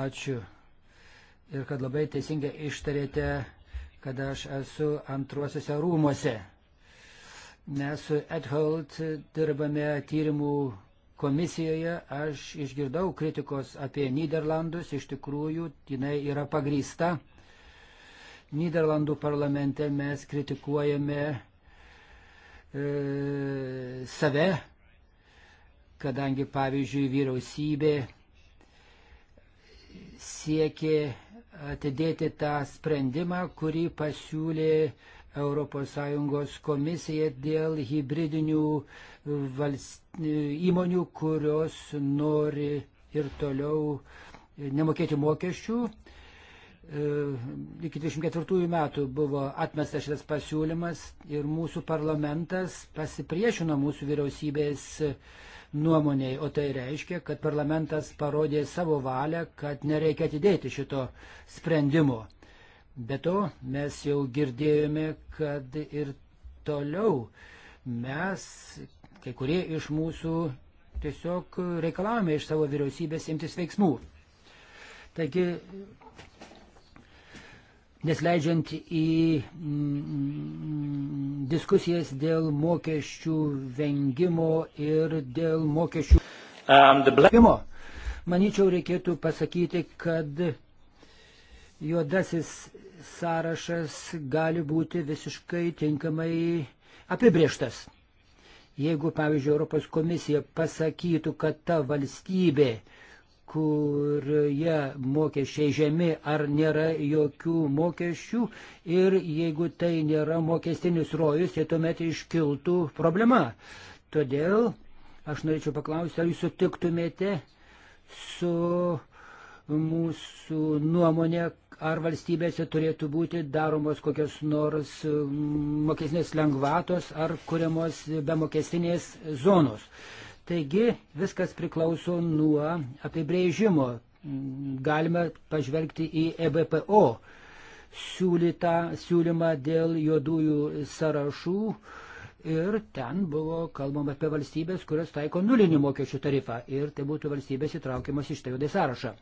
Ačiū ir kad labai teisingai ištarėte, kad aš esu antruosiuose rūmuose. Mes su Edhold dirbame tyrimų komisijoje, aš išgirdau kritikos apie Niderlandus, iš tikrųjų jinai yra pagrįsta. Niderlandų parlamente mes kritikuojame e, save, kadangi pavyzdžiui vyriausybė siekė atidėti tą sprendimą, kurį pasiūlė ES komisija dėl hybridinių valst... įmonių, kurios nori ir toliau nemokėti mokesčių. E, iki 24 metų buvo atmestas šitas pasiūlymas ir mūsų parlamentas pasipriešino mūsų vyriausybės uh, nuomoniai, o tai reiškia, kad parlamentas parodė savo valią, kad nereikia atidėti šito sprendimo. Be to, mes jau girdėjome, kad ir toliau mes, kai kurie iš mūsų, tiesiog reikalavome iš savo vyriausybės imtis veiksmų. Taigi nesleidžiant į mm, diskusijas dėl mokesčių vengimo ir dėl mokesčių um, blėmimo. Manyčiau, reikėtų pasakyti, kad juodasis sąrašas gali būti visiškai tinkamai apibrieštas. Jeigu, pavyzdžiui, Europos komisija pasakytų, kad ta valstybė uh, kurioje mokesčiai žemi ar nėra jokių mokesčių ir jeigu tai nėra mokestinis rojus, tai tuomet iškiltų problema. Todėl aš norėčiau paklausti, ar jūs sutiktumėte su mūsų nuomonė, ar valstybėse turėtų būti daromos kokios nors mm, mokestinės lengvatos ar kuriamos be mokestinės zonos. Taigi viskas priklauso nuo apibrėžimo. Galime pažvelgti į EBPO siūlytą, siūlymą dėl juodųjų sąrašų ir ten buvo kalbama apie valstybės, kurios taiko nulinį mokesčių tarifą ir tai būtų valstybės įtraukiamas iš tai juodai sąrašą.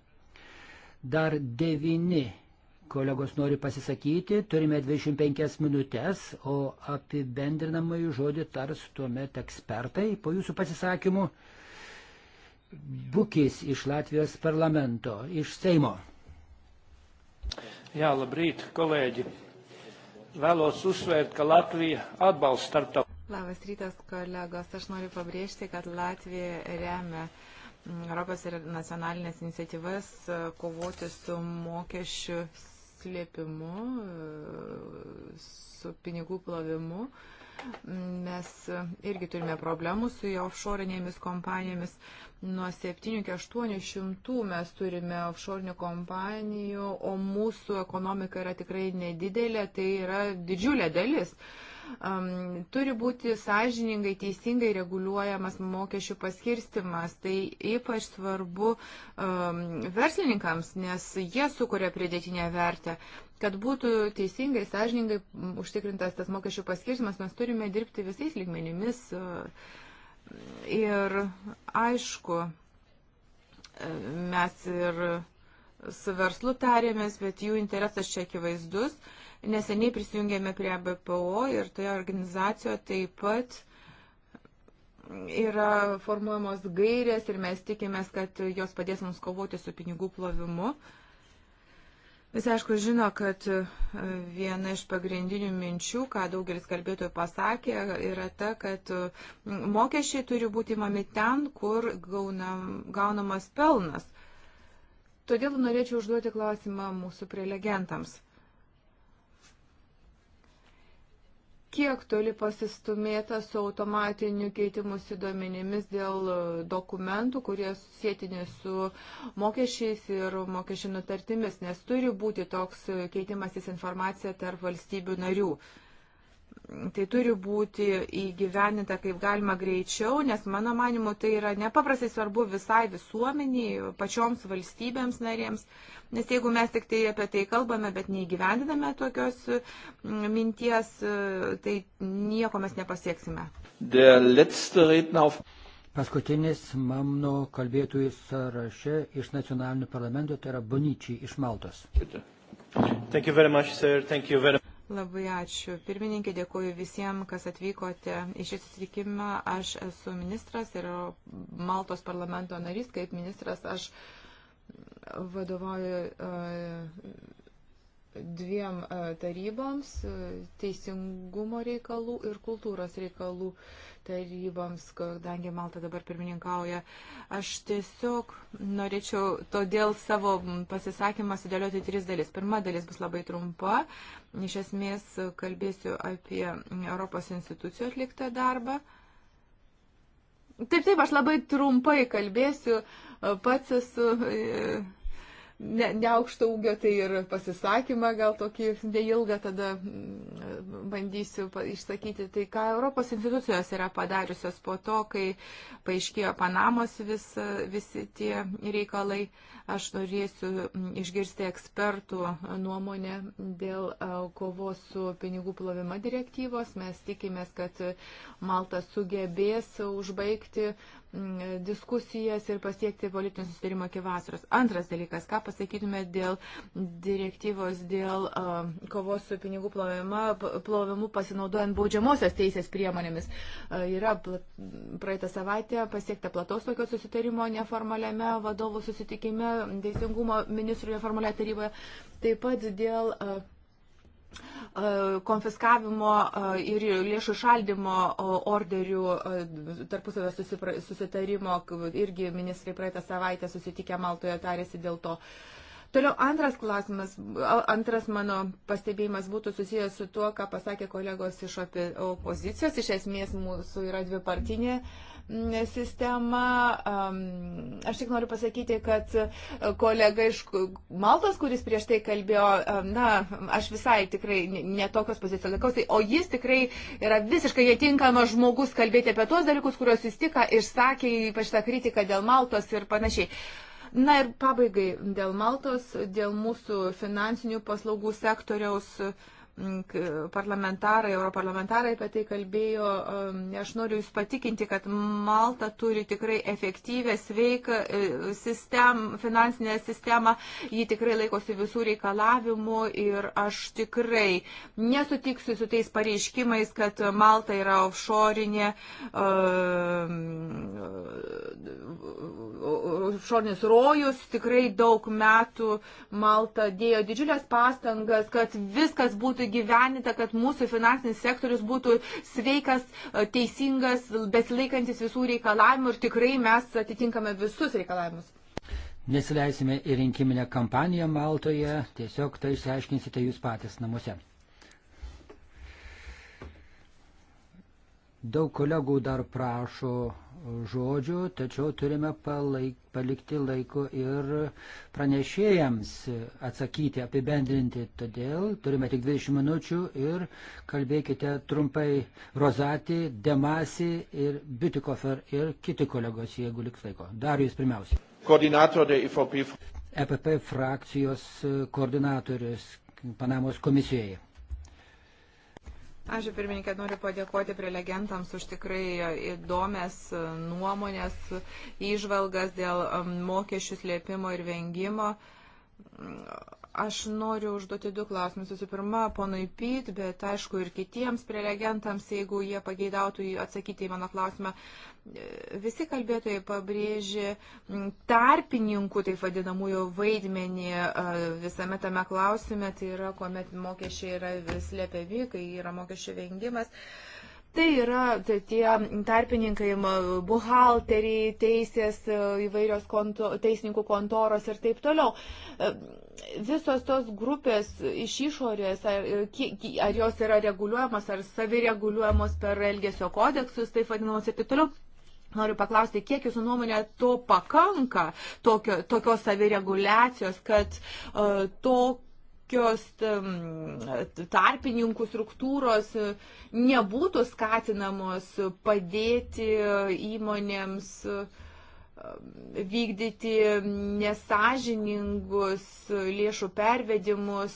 Dar devini kolegos nori pasisakyti, turime 25 minutės, o apibendrinamai žodį tars tuomet ekspertai po jūsų pasisakymų. Bukis iš Latvijos parlamento, iš Seimo. Jā, labrīt, kolēģi. Vēlos uzsvērt, ka Latvija atbalsta starptautinį. Labas rytas, kolegos. Aš noriu pabrėžti, kad Latvija remia mm, Europos ir nacionalinės iniciatyvas e, kovoti su mokesčių slėpimu, e, su pinigų plovimu. Mes irgi turime problemų su offshore'inėmis kompanijomis. Nuo 7 iki 800 mes turime offshore'inių kompanijų, o mūsų ekonomika yra tikrai nedidelė, tai yra didžiulė dalis. Uh, um, turi būti sąžiningai, teisingai reguliuojamas mokesčių paskirstimas. Tai ypač svarbu um, verslininkams, nes jie sukuria pridėtinę vertę. Kad būtų teisingai, sąžiningai užtikrintas tas mokesčių paskirstimas, mes turime dirbti visais lygmenimis. E, ir aišku, e, mes ir su verslu tarėmės, bet jų interesas čia akivaizdus. Uh, Neseniai prisijungėme prie BPO ir toje organizacijoje taip pat yra formuojamos gairės ir mes tikimės, kad jos padės mums kovoti su pinigų plovimu. Visi aišku žino, kad e, viena iš pagrindinių minčių, ką daugelis kalbėtojų pasakė, yra ta, kad e, mokesčiai turi būti mami ten, kur gaunam, gaunamas pelnas. Todėl norėčiau užduoti klausimą mūsų prelegentams. kiek toli pasistumėta su automatiniu keitimusi duomenimis dėl e, dokumentų, kurie susėtini su mokesčiais ir mokesčių nutartimis, nes turi būti toks e, keitimasis informacija tarp valstybių narių tai turi būti įgyveninta kaip galima greičiau, nes mano manimu tai yra nepaprastai svarbu visai visuomeniai, pačioms valstybėms narėms, nes jeigu mes tik tai apie tai kalbame, bet neįgyvendiname tokios mm, minties, tai nieko mes nepasieksime. Paskutinis mano kalbėtojų sąraše iš nacionalinių parlamentų tai yra Boničiai iš Maltos. Thank you very much, sir. Thank you very much. Labai ačiū. Pirmininkė, dėkuoju visiems, kas atvykote į šį susitikimą. Aš esu ministras ir Maltos parlamento narys. Kaip ministras aš vadovauju. Uh, dviem e, taryboms e, - teisingumo reikalų ir kultūros reikalų taryboms, kadangi Malta dabar pirmininkauja. Aš tiesiog norėčiau todėl savo pasisakymą sudėlioti tris dalis. Pirma dalis bus labai trumpa. Iš esmės kalbėsiu apie Europos institucijų atliktą darbą. Taip, taip, aš labai trumpai kalbėsiu. Pats esu. E, ne, neaukšto ūgio, tai ir pasisakymą gal tokį neilgą tada mm, bandysiu išsakyti. Tai ką Europos institucijos yra padariusios po to, kai paaiškėjo Panamos vis, visi tie reikalai. Aš norėsiu išgirsti ekspertų nuomonę dėl kovos su pinigų plovimo direktyvos. Mes tikimės, kad Malta sugebės užbaigti diskusijas ir pasiekti politinio sustarimo iki vasaros. Antras dalykas, ką pasakytume dėl direktyvos, dėl uh, kovos su pinigų plovimu pasinaudojant baudžiamosios teisės priemonėmis. Uh, yra praeitą savaitę pasiekta plataus tokio susitarimo neformaliame vadovų susitikime teisingumo ministrų neformalioje taryboje, taip pat dėl konfiskavimo ir lėšų šaldimo orderių tarpusavio susitarimo, irgi ministrai praeitą savaitę susitikę Maltoje tarėsi dėl to. Toliau antras klausimas, antras mano pastebėjimas būtų susijęs su tuo, ką pasakė kolegos iš opozicijos. Iš esmės mūsų yra dvipartinė. Uh, sistema. Aš tik noriu pasakyti, kad kolega iš Maltos, kuris prieš tai kalbėjo, na, aš visai tikrai netokios pozicijos laikausi, o jis tikrai yra visiškai netinkamas žmogus kalbėti apie tuos dalykus, kuriuos jis tik išsakė, ypač tą kritiką dėl Maltos ir panašiai. Na ir pabaigai dėl Maltos, dėl mūsų finansinių paslaugų sektoriaus. Uh, parlamentarai, europarlamentarai apie tai kalbėjo. Um, aš noriu Jūs patikinti, kad Malta turi tikrai efektyvę, sveiką e, sistem, finansinę sistemą. Ji tikrai laikosi visų reikalavimų ir aš tikrai nesutiksiu su tais pareiškimais, kad Malta yra offshore'inė um, šornis rojus tikrai daug metų Malta dėjo didžiulės pastangas, kad viskas būtų gyvenita, kad mūsų finansinis sektorius būtų sveikas, e, teisingas, besilaikantis visų reikalavimų ir tikrai mes atitinkame visus reikalavimus. Nesileisime į rinkiminę kampaniją Maltoje, tiesiog tai išsiaiškinsite jūs patys namuose. Daug kolegų dar prašo žodžių, tačiau turime palaik, palikti laiko ir pranešėjams atsakyti, apibendrinti. Todėl turime tik 20 minučių ir kalbėkite trumpai Rozati, Demasi ir Bütikofer ir kiti kolegos, jeigu liks laiko. Dar jūs pirmiausiai. EPP e frakcijos koordinatorius Panamos komisijoje. Ačiū pirmininkė, noriu padėkoti prelegentams už tikrai įdomias e, nuomonės, įžvalgas dėl mokesčių slėpimo ir vengimo Aš noriu užduoti du klausimus. Visų pirma, ponui Pyt, bet aišku ir kitiems prelegentams, jeigu jie pageidautų atsakyti į mano klausimą. Visi kalbėtojai pabrėžė tarpininkų, taip vadinamųjų, vaidmenį visame tame klausime. Tai yra, kuomet mokesčiai yra slėpiami, kai yra mokesčių vengimas. Uh, Tai yra tai tie tarpininkai, buhalteriai, teisės e, įvairios konto, teisininkų kontoros ir taip toliau. E, visos tos grupės iš išorės, ar, e, ar jos yra reguliuojamos, ar savireguliuojamos per Elgesio kodeksus, taip vadinamos ir taip toliau. Noriu paklausti, kiek jūsų nuomonė to pakanka, tokio, tokios savireguliacijos, kad uh, to tokios tarpininkų struktūros nebūtų skatinamos padėti įmonėms uh, vykdyti nesažiningus lėšų pervedimus,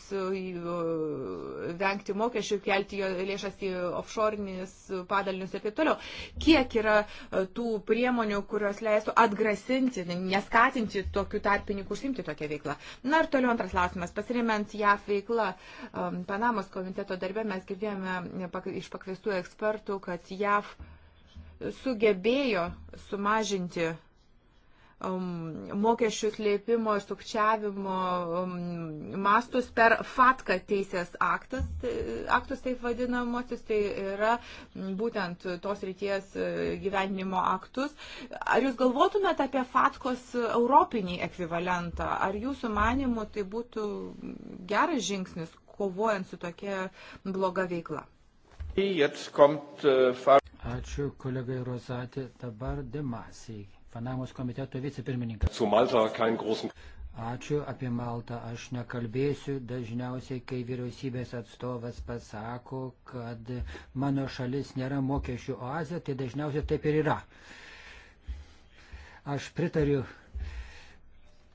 vengti mokesčių, kelti lėšas į offshore'inius padalinius ir taip toliau. Kiek yra e, tų priemonių, kurios leistų atgrasinti, neskatinti tokių tarpininkų užsimti tokią veiklą? Na ir toliau antras klausimas. Pasirėmant JAF veiklą, Panamos komiteto darbė mes girdėjome iš pakviestų ekspertų, kad JAF sugebėjo sumažinti Um, mokesčių slėpimo ir sukčiavimo um, mastus per FATKA teisės aktas, tai, aktus taip vadinamosius, tai yra būtent tos ryties e, gyvenimo aktus. Ar jūs galvotumėte apie FATKOS europinį ekvivalentą? Ar jūsų manimų tai būtų geras žingsnis, kovojant su tokia bloga veikla? Äh, Ačiū kolegai Rozatė, dabar Demasiai. Panamos komiteto vicepirmininkas. Su Malta kein großen. Ačiū apie Maltą, aš nekalbėsiu. Dažniausiai, kai vyriausybės atstovas pasako, kad mano šalis nėra mokesčių oazė, tai dažniausiai taip ir yra. Aš pritariu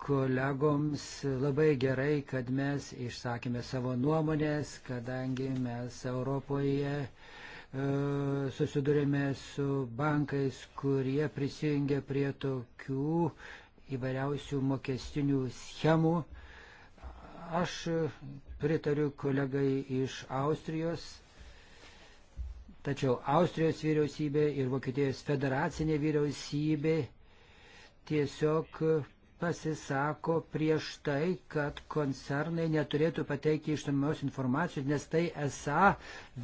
kolegoms labai gerai, kad mes išsakėme savo nuomonės, kadangi mes Europoje E, susidurėme su bankais, kurie prisijungia prie tokių įvairiausių mokestinių schemų. Aš pritariu kolegai iš Austrijos, tačiau Austrijos vyriausybė ir Vokietijos federacinė vyriausybė tiesiog pasisako prieš tai, kad koncernai neturėtų pateikti ištamios informacijos, nes tai esą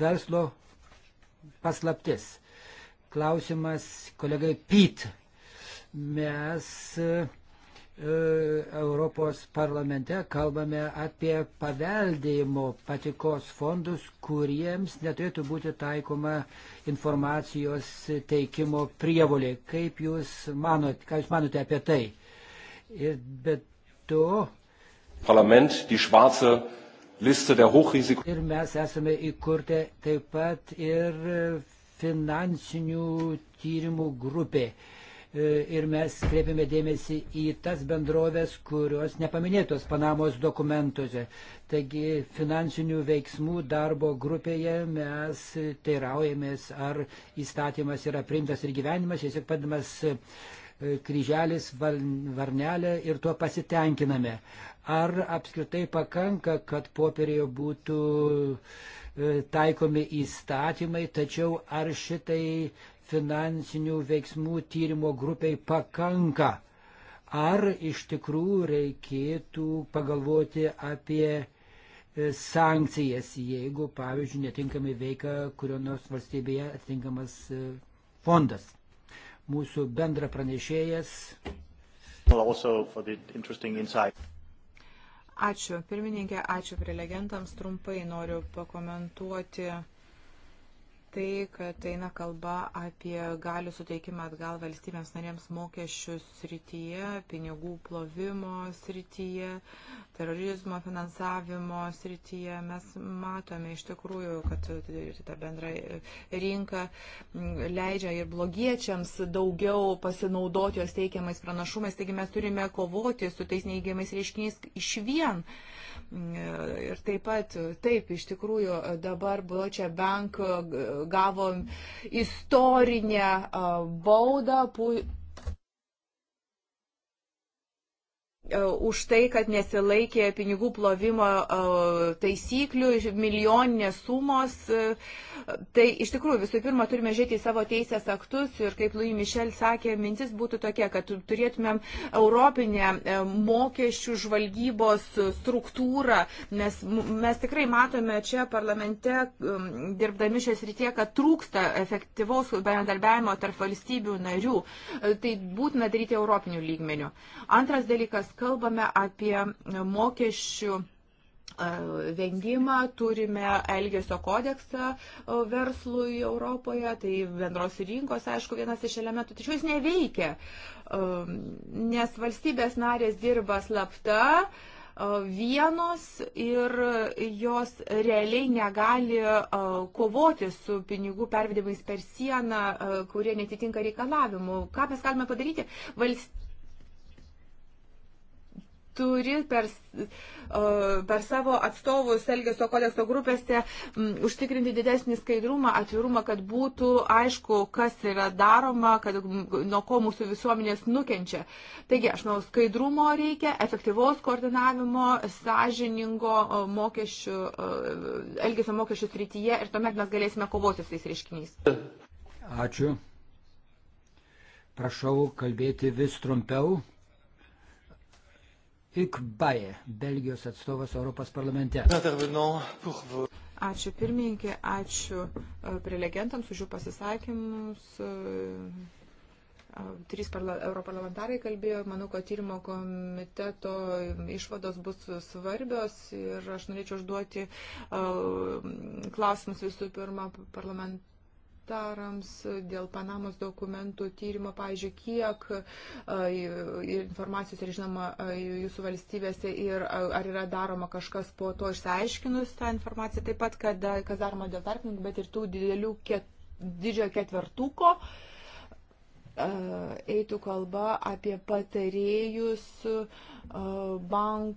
verslo paslaptis. Klausimas kolegai Pyt. Mes e, Europos parlamente kalbame apie paveldėjimo patikos fondus, kuriems neturėtų būti taikoma informacijos teikimo prievolė. Kaip jūs manote, ką jūs manote apie tai? Ir bet to. Parlament, die švarce Ir mes esame įkurtę taip pat ir finansinių tyrimų grupė. Ir mes kreipiame dėmesį į tas bendrovės, kurios nepaminėtos Panamos dokumentuose. Taigi finansinių veiksmų darbo grupėje mes teiraujamės, ar įstatymas yra priimtas ir gyvenimas, tiesiog padamas e, kryželis, varnelė ir tuo pasitenkiname. Ar apskritai pakanka, kad popierėje būtų e, taikomi įstatymai, tačiau ar šitai finansinių veiksmų tyrimo grupiai pakanka? Ar iš tikrųjų reikėtų pagalvoti apie e, sankcijas, jeigu, pavyzdžiui, netinkamai veikia kurio nors valstybėje atitinkamas e, fondas. Mūsų bendra pranešėjas. Well, Ačiū pirmininkė, ačiū prelegentams. Trumpai noriu pakomentuoti tai, kad eina kalba apie galių suteikimą atgal valstybėms narėms mokesčių srityje, pinigų plovimo srityje, terorizmo finansavimo srityje. Mes matome iš tikrųjų, kad ta bendra rinka leidžia ir blogiečiams daugiau pasinaudoti jos teikiamais pranašumais, taigi mes turime kovoti su tais neįgiamais reiškiniais iš vien. Uh, Ir taip pat, taip, iš tikrųjų, dabar Bločia Bank gavo istorinę baudą E, už tai, kad nesilaikė pinigų plovimo e, taisyklių, milijoninės sumos. E, tai iš tikrųjų visų pirma turime žiūrėti į savo teisės aktus ir kaip Louis Michel sakė, mintis būtų tokia, kad turėtumėm europinę mokesčių žvalgybos struktūrą, nes mes tikrai matome čia parlamente, dirbdami šią srityje, kad trūksta efektyvaus bendradarbiavimo tarp valstybių narių. Tai būtina daryti europinių lygmenių. Antras dalykas, kalbame apie mokesčių e, vengimą, turime Elgesio kodeksą e, verslui Europoje, tai bendros rinkos, aišku, vienas iš elementų, tačiau jis neveikia, e, nes valstybės narės dirba slapta, vienos ir jos realiai negali kovoti su pinigų pervedimais per sieną, kurie netitinka reikalavimu. Ką mes galime padaryti? Valstybės turi per, per savo atstovus Elgesio kodekso grupėse m, užtikrinti didesnį skaidrumą, atvirumą, kad būtų aišku, kas yra daroma, kad, nuo ko mūsų visuomenės nukenčia. Taigi, aš manau, skaidrumo reikia, efektyvaus koordinavimo, sąžiningo mokesčių, Elgesio mokesčių srityje ir tuomet mes galėsime kovoti su tais reiškiniais. Ačiū. Prašau kalbėti vis trumpiau. Ikbaje, Belgijos atstovas Europos parlamente. Ačiū pirmininkė, ačiū e, prelegentams už jų pasisakymus. E, e, trys europarlamentarai kalbėjo, manau, kad tyrimo komiteto išvados bus svarbios ir aš norėčiau užduoti klausimus visų pirma parlamentarai parlamentarams dėl Panamos dokumentų tyrimo, pavyzdžiui, kiek informacijos yra žinoma jūsų valstybėse ir ar yra daroma kažkas po to išsiaiškinus tą informaciją, taip pat, kad, kas daroma dėl tarpininkų, bet ir tų didelių ket, didžiojo ketvertuko eitų kalba apie patarėjus bank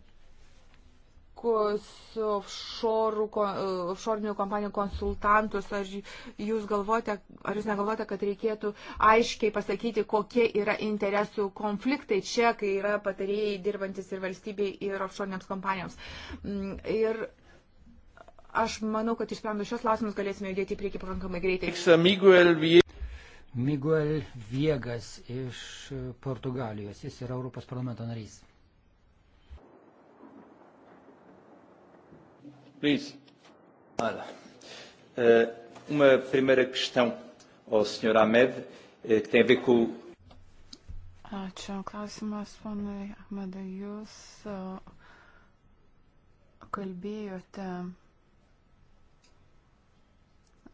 tokius offshore kompanijų konsultantus, ar jūs, galvojate, ar jūs negalvojate, kad reikėtų aiškiai pasakyti, kokie yra interesų konfliktai čia, kai yra patarėjai dirbantis ir valstybei, ir offshore kompanijoms. Mm, ir aš manau, kad išsprendus šios klausimus galėsime judėti į priekį pakankamai greitai. Uh, Miguel Viegas iš Portugalijos, jis yra Europos parlamento narys. Please. Olha, eh, uma primeira questão ao Sr. Ahmed, eh, que tem a ver com. Ačiū. Klausimas, ponai Ahmedai, jūs kalbėjote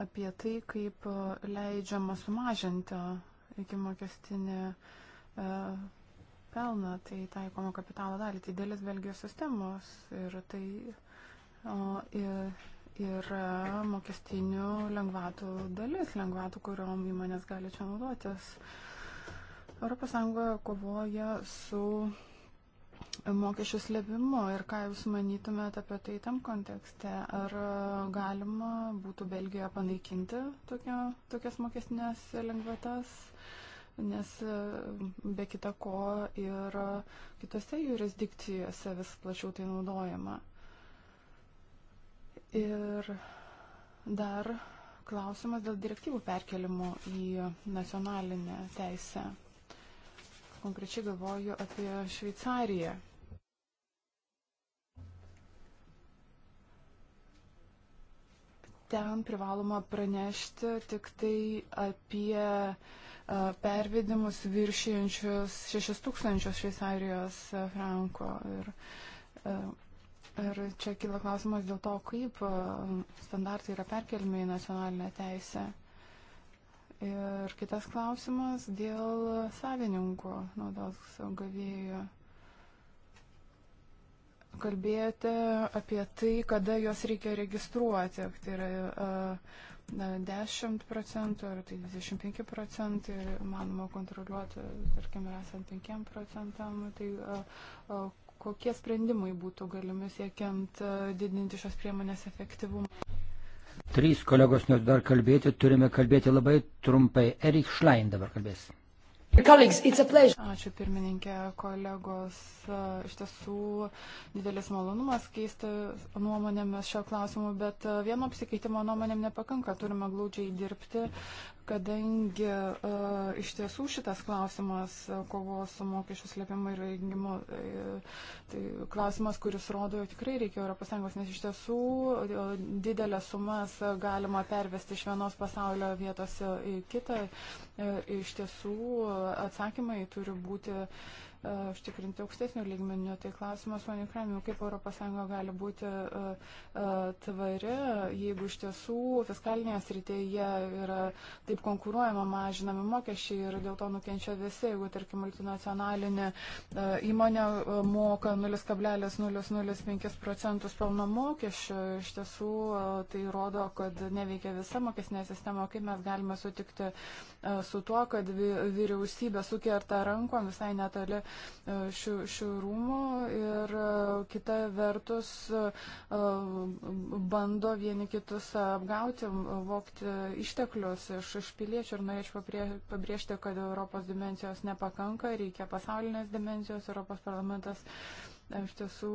apie tai, kaip leidžiama sumažinti iki mokestinį e, pelną, tai taikoma kapitalo dalį, tai dėlis Belgijos sistemos ir tai yra mokestinių lengvatų dalis, lengvatų, kuriuom įmonės gali čia naudotis. ES kovoja su mokesčių slėpimu ir ką Jūs manytumėte apie tai tam kontekste? Ar galima būtų Belgijoje panaikinti tokia, tokias mokestinės lengvatas? Nes e, be kita ko ir kitose jurisdikcijose vis plačiau tai naudojama. Ir dar klausimas dėl direktyvų perkelimo į nacionalinę teisę. Konkrečiai galvoju apie Šveicariją. Ten privaloma pranešti tik tai apie e, pervedimus viršijančius 6000 šveicarijos e, franko. Ir, e, Ir čia kyla klausimas dėl to, kaip e, standartai yra perkelmi į nacionalinę teisę. Ir kitas klausimas dėl savininkų naudos gavėjų. Kalbėjote apie tai, kada juos reikia registruoti. Tai yra na, e, 10 procentų ar tai 25 procentai, manoma, kontroliuoti, tarkim, esant 5 procentam. Tai a, e, a, kokie sprendimai būtų galimi siekiant e, didinti šios priemonės efektyvumą? Trys kolegos nors dar kalbėti, turime kalbėti labai trumpai. Erik Šlein dabar kalbės. Ačiū pirmininkė, kolegos. E, iš tiesų didelis malonumas keisti nuomonėmis šio klausimu, bet e, vieno apsikeitimo nuomonėm nepakanka. Turime glaudžiai dirbti, kadangi uh, iš tiesų šitas klausimas uh, kovos su mokesčių slėpimu ir rengimu, uh, e, tai klausimas, kuris rodo, jog tikrai reikia ES, nes iš tiesų uh, didelės sumas uh, galima pervesti iš vienos pasaulio vietos į kitą. Uh, iš tiesų uh, atsakymai turi būti uh, E, užtikrinti aukštesnių lygmenių. Tai klausimas, man įkramiu, kaip ES gali būti e, e, tvari, jeigu iš tiesų fiskalinėje srityje yra taip konkuruojama, mažinami mokesčiai ir dėl to nukenčia visi, jeigu, tarkim, multinacionalinė įmonė moka 0,005 procentus pelno mokesčio, iš tiesų tai rodo, kad neveikia visa mokesnė sistema, kaip mes galime sutikti su tuo, kad vyriausybė sukerta rankom visai netoli šių, šių rūmų ir e, kita vertus e, bando vieni kitus apgauti, vokti išteklius iš, iš piliečių ir norėčiau pabrėžti, kad Europos dimensijos nepakanka, reikia pasaulinės dimensijos, Europos parlamentas e, iš tiesų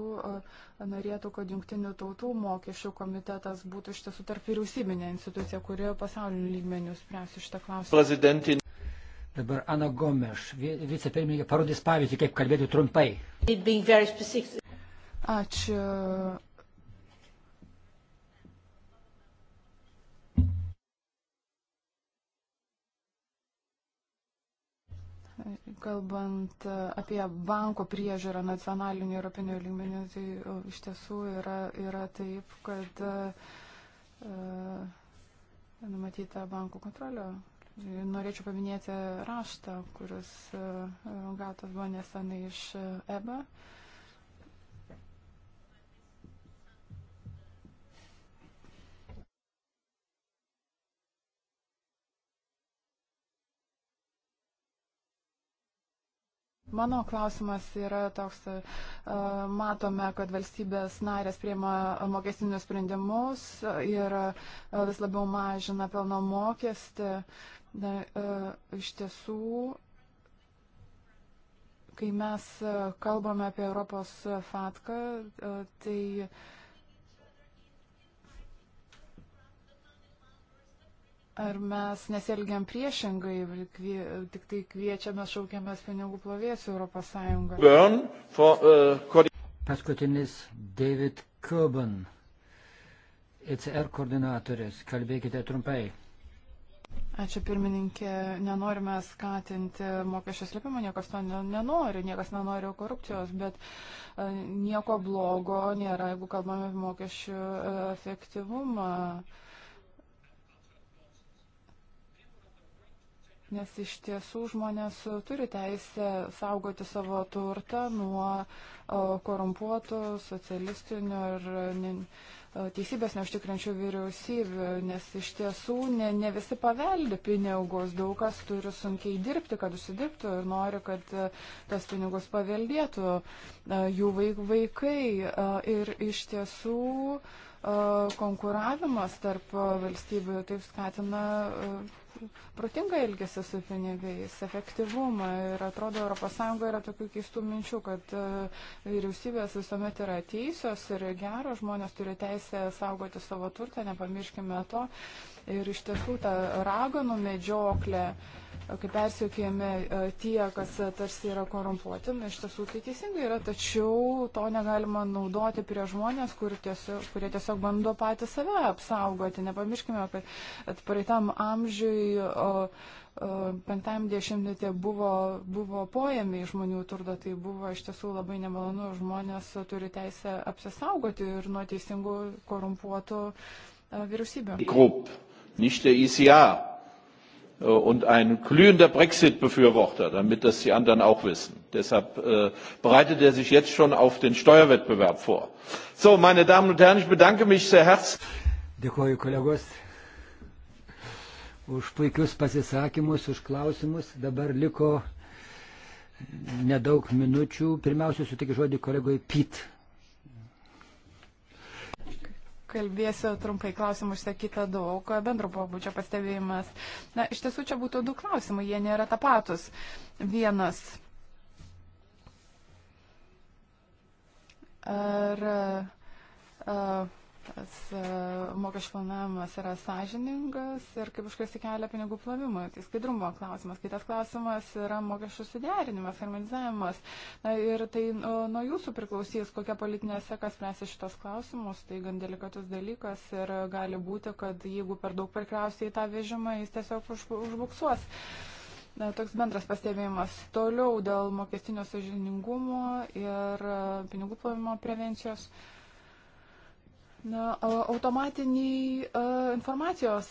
norėtų, kad jungtinių tautų mokesčių komitetas būtų iš tiesų tarp vyriausybinė institucija, kuri pasaulinių lygmenių spręs šitą klausimą. Prezidentin. Dabar Ana Gomeš, vicepirmininkė, parodys pavyzdį, kaip kalbėti trumpai. Ačiū. Kalbant apie banko priežiūrą nacionaliniu europiniu lygmeniu, tai iš tiesų yra, yra taip, kad uh, numatyta bankų kontrolio Norėčiau paminėti raštą, kuris e, gautas buvo nesenai iš e, EBA. Mano klausimas yra toks, e, matome, kad valstybės narės priema mokestinius sprendimus ir vis labiau mažina pelno mokestį. Na, e, iš tiesų, kai mes e, kalbame apie Europos fatką, e, tai Ar mes nesielgiam priešingai, kvie, tik tai kviečiame, šaukiamės pinigų plovės Europos Sąjungą? Paskutinis David Coburn, ECR koordinatorius, kalbėkite trumpai. Ačiū pirmininkė, nenorime skatinti mokesčio slėpimo, niekas to nenori, niekas nenori korupcijos, bet e, nieko blogo nėra, jeigu kalbame apie mokesčių e, efektyvumą. Uh, nes iš tiesų žmonės turi teisę saugoti savo turtą nuo korumpuotų, socialistinių ir ne, teisybės neužtikrinčių vyriausybių, nes iš tiesų ne, ne visi paveldi pinigus, daug kas turi sunkiai dirbti, kad užsidirbtų ir nori, kad e, tas pinigus paveldėtų e, jų vaikai. E, ir iš tiesų konkuravimas tarp valstybių taip skatina protingą elgesį su pinigais, efektyvumą. Ir atrodo, ES yra tokių keistų minčių, kad vyriausybės visuomet yra teisios ir geros, žmonės turi teisę saugoti savo turtą, nepamirškime to. Ir iš tiesų ta raganų medžioklė. Uh, kai persiekėme tie, kas e, tarsi yra korumpuoti, iš tiesų tai teisingai yra, tačiau to negalima naudoti prie žmonės, kur tiesiog, kurie tiesiog bando patį save apsaugoti. Nepamirškime, kad praeitam amžiui. O, penktam dešimtmetį buvo, buvo pojami žmonių turto, tai buvo iš tiesų labai nemalonu, žmonės turi teisę apsisaugoti ir nuo teisingų korumpuotų e, vyriausybių. Grup, nicht der ICA. Äh, und ein glühender Brexit Befürworter, damit das die anderen auch wissen. Deshalb äh, bereitet er sich jetzt schon auf den Steuerwettbewerb vor. So, meine Damen und Herren, ich bedanke mich sehr herzlich. Dėkuoju kolegos už puikius pasisakymus, už klausimus. Dabar liko nedaug minučių. Pirmiausia, sutikiu žodį kolegoj Pit kalbėsiu trumpai, klausimų išsakyta daug, bendro pobūdžio pastebėjimas. Na, iš tiesų čia būtų du klausimai, jie nėra tapatus. Vienas. Ar. Uh, tas e, mokesčių planavimas yra sąžiningas ir kaip užkirsti kelią pinigų plovimui. Tai skaidrumo klausimas. Kitas klausimas yra mokesčių suderinimas, harmonizavimas. Na, ir tai nu, nuo jūsų priklausys, kokia politinė seka spręsi šitos klausimus. Tai gan delikatus dalykas ir gali būti, kad jeigu per daug prikrausiai tą vežimą, jis tiesiog už, užbuksuos. Na, toks bendras pastebėjimas. Toliau dėl mokestinio sažiningumo ir e, pinigų plovimo prevencijos. Uh, Na, automatiniai informacijos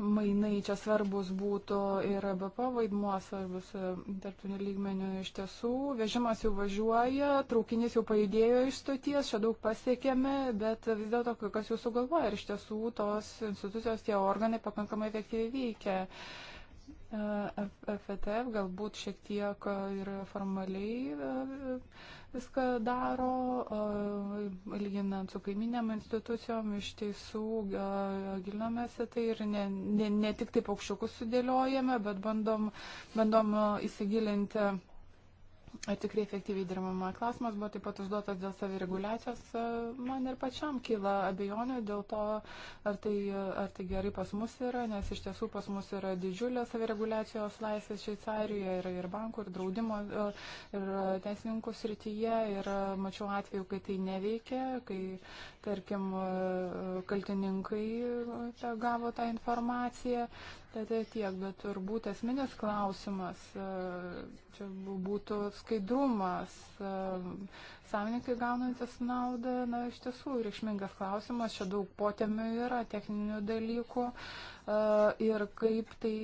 mainai čia svarbus būtų ir BP vaidmuo svarbus tarptautiniu lygmeniu iš tiesų. Vežimas jau važiuoja, traukinys jau pajudėjo iš stoties, čia daug pasiekėme, bet vis dėlto kas jūsų galvoja, ar iš tiesų tos institucijos, tie organai pakankamai efektyviai veikia. FTF galbūt šiek tiek ir formaliai viską daro, lyginant su kaiminėm institucijom, iš tiesų gilinomės į tai ir ne, ne, ne tik taip aukščiukus sudėliojame, bet bandom, bandom įsigilinti Ar tikrai efektyviai dirbama? Klausimas buvo taip pat užduotas dėl savireguliacijos. Man ir pačiam kyla abejonių dėl to, ar tai, ar tai gerai pas mus yra, nes iš tiesų pas mus yra didžiulė savireguliacijos laisvė Šveicarijoje ir, ir bankų, ir draudimo, ir teisininkų srityje. Ir mačiau atveju, kai tai neveikia, kai, tarkim, kaltininkai gavo tą informaciją Tad tiek, bet turbūt esminis klausimas e, čia būtų skaidrumas. E, Savininkai gaunantis naudą, na, iš tiesų reikšmingas klausimas, čia daug potėmių yra, techninių dalykų e, ir kaip tai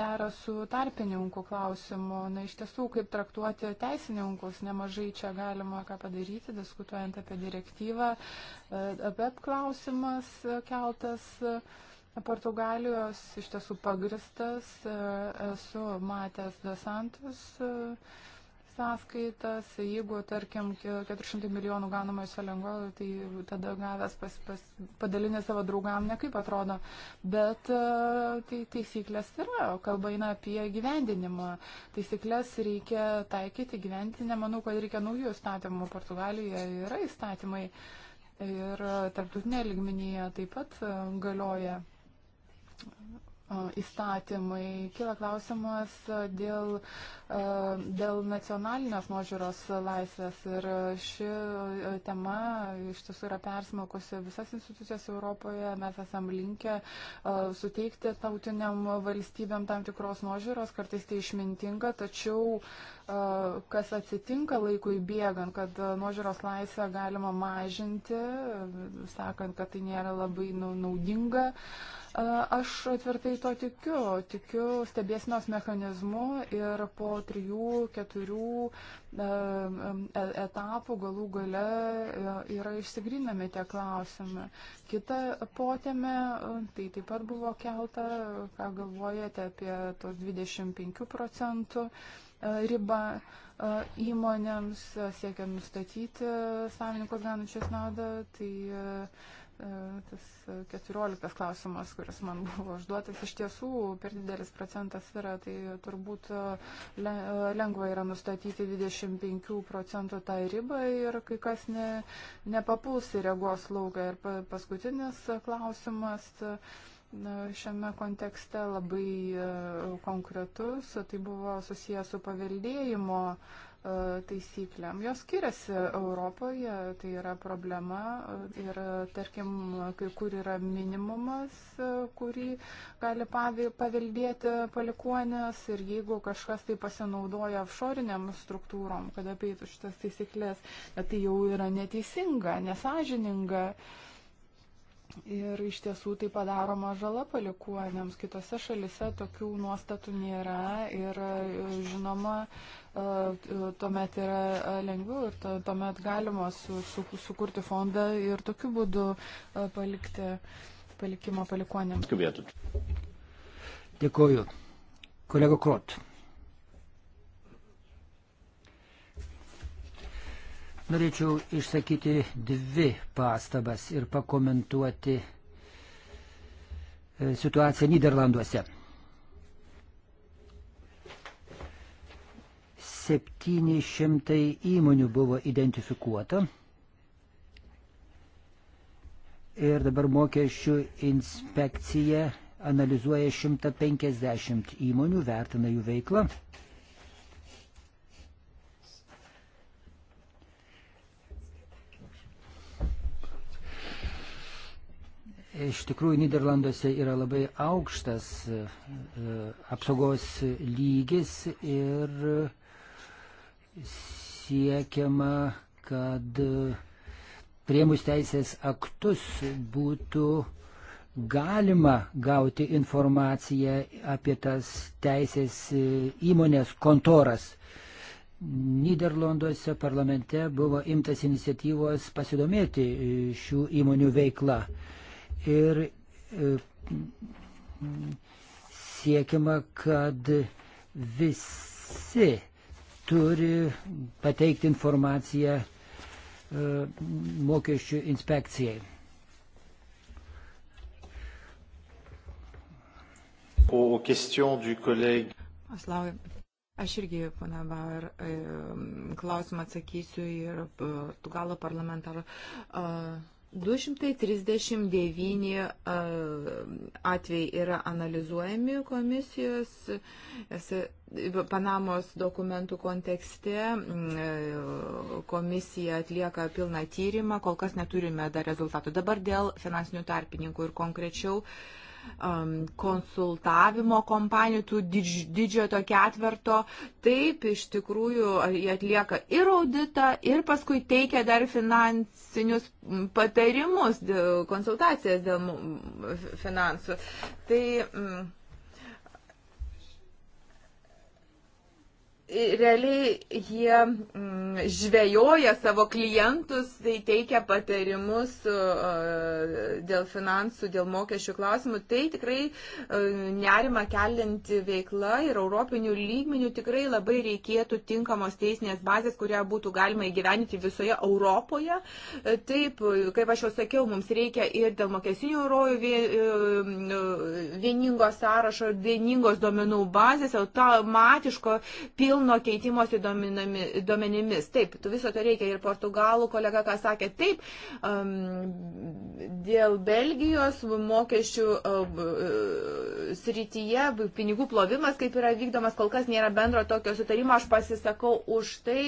dera su tarpininkų klausimu. Na, iš tiesų, kaip traktuoti teisininkus, nemažai čia galima ką padaryti, diskutuojant apie direktyvą. Apie klausimas keltas. Uh, Portugalijos iš tiesų pagristas. E, esu matęs desantus e, sąskaitas. Jeigu, tarkim, 400 milijonų gaunama iš Selengolo, tai tada gavęs pas, pas, padalinę savo draugam nekaip atrodo. Bet e, tai taisyklės yra, kalba eina apie gyvendinimą. Taisyklės reikia taikyti, gyventi. Nemanau, kad reikia naujų įstatymų. Portugalijoje yra įstatymai. Ir tarptautinė ligminėje taip pat galioja įstatymai. Kila klausimas dėl, dėl nacionalinės nuožiūros laisvės ir ši tema iš tiesų yra persmokusi visas institucijas Europoje. Mes esam linkę suteikti tautiniam valstybėm tam tikros nuožiūros, kartais tai išmintinga, tačiau kas atsitinka laikui bėgant, kad nuožiūros laisvę galima mažinti, sakant, kad tai nėra labai naudinga. Aš tvirtai to tikiu, tikiu stebėsinos mechanizmu ir po trijų, keturių e, etapų galų gale yra išsigrinami tie klausimai. Kita potėme, tai taip pat buvo kelta, ką galvojate apie tos 25 procentų ribą įmonėms, siekiant nustatyti savininkus ganančias naudą. Tai tas 14 klausimas, kuris man buvo užduotas, iš tiesų per didelis procentas yra, tai turbūt lengva yra nustatyti 25 procentų tą tai ribą ir kai kas ne, nepapuls į regos lauką. Ir paskutinis klausimas. Tai šiame kontekste labai e, konkretus. Tai buvo susijęs su paveldėjimo e, taisyklėm. Jos skiriasi Europoje, tai yra problema e, ir tarkim, kai kur yra minimumas, kurį gali paveldėti palikuonės ir jeigu kažkas tai pasinaudoja offshoriniam struktūrom, kad apeitų šitas taisyklės, tai jau yra neteisinga, nesažininga. Uh, Ir iš tiesų tai padaroma žala palikuonėms. Kitose šalise tokių nuostatų nėra ir žinoma, e, tuomet yra e, lengviau ir tuomet galima su, su, sukurti fondą ir tokiu būdu e, palikti palikimą palikuonėms. Dėkuoju. Kolega Krot. Norėčiau išsakyti dvi pastabas ir pakomentuoti e, situaciją Niderlanduose. Septyni šimtai įmonių buvo identifikuota ir dabar mokesčių inspekcija analizuoja 150 įmonių, vertina jų veiklą. Iš tikrųjų, Niderlanduose yra labai aukštas e, e, apsaugos lygis ir siekiama, kad e, priemus teisės aktus būtų galima gauti informaciją apie tas teisės įmonės kontoras. Niderlanduose parlamente buvo imtas iniciatyvos pasidomėti šių įmonių veikla ir e, siekiama, kad visi turi pateikti informaciją e, mokesčių inspekcijai. aux questions du collègue. Aš, lauju, aš irgi, pana Bauer, e, klausimą atsakysiu ir Portugalo parlamentaro. Uh, 239 atvejai yra analizuojami komisijos Panamos dokumentų kontekste. E, komisija atlieka pilną tyrimą, kol kas neturime dar rezultatų. Dabar dėl finansinių tarpininkų ir konkrečiau um, konsultavimo kompanijų, tų didž, didžiojo to ketverto. Taip, iš tikrųjų, jie atlieka ir auditą, ir paskui teikia dar finansinius patarimus, konsultacijas dėl finansų. Tai, mm, realiai jie mm, žvejoja savo klientus, tai teikia patarimus e, dėl finansų, dėl mokesčių klausimų. Tai tikrai e, nerima kelinti veikla ir europinių lygmenių tikrai labai reikėtų tinkamos teisinės bazės, kurią būtų galima įgyveninti visoje Europoje. E, taip, kaip aš jau sakiau, mums reikia ir dėl mokesinių rojų vieningo sąrašo, vieningos duomenų bazės, automatiško pilno pilno keitimosi duomenimis. Taip, viso to reikia ir portugalų kolega, ką sakė, taip, um, dėl Belgijos mokesčių um, srityje pinigų plovimas, kaip yra vykdomas, kol kas nėra bendro tokio sutarimo, aš pasisakau už tai,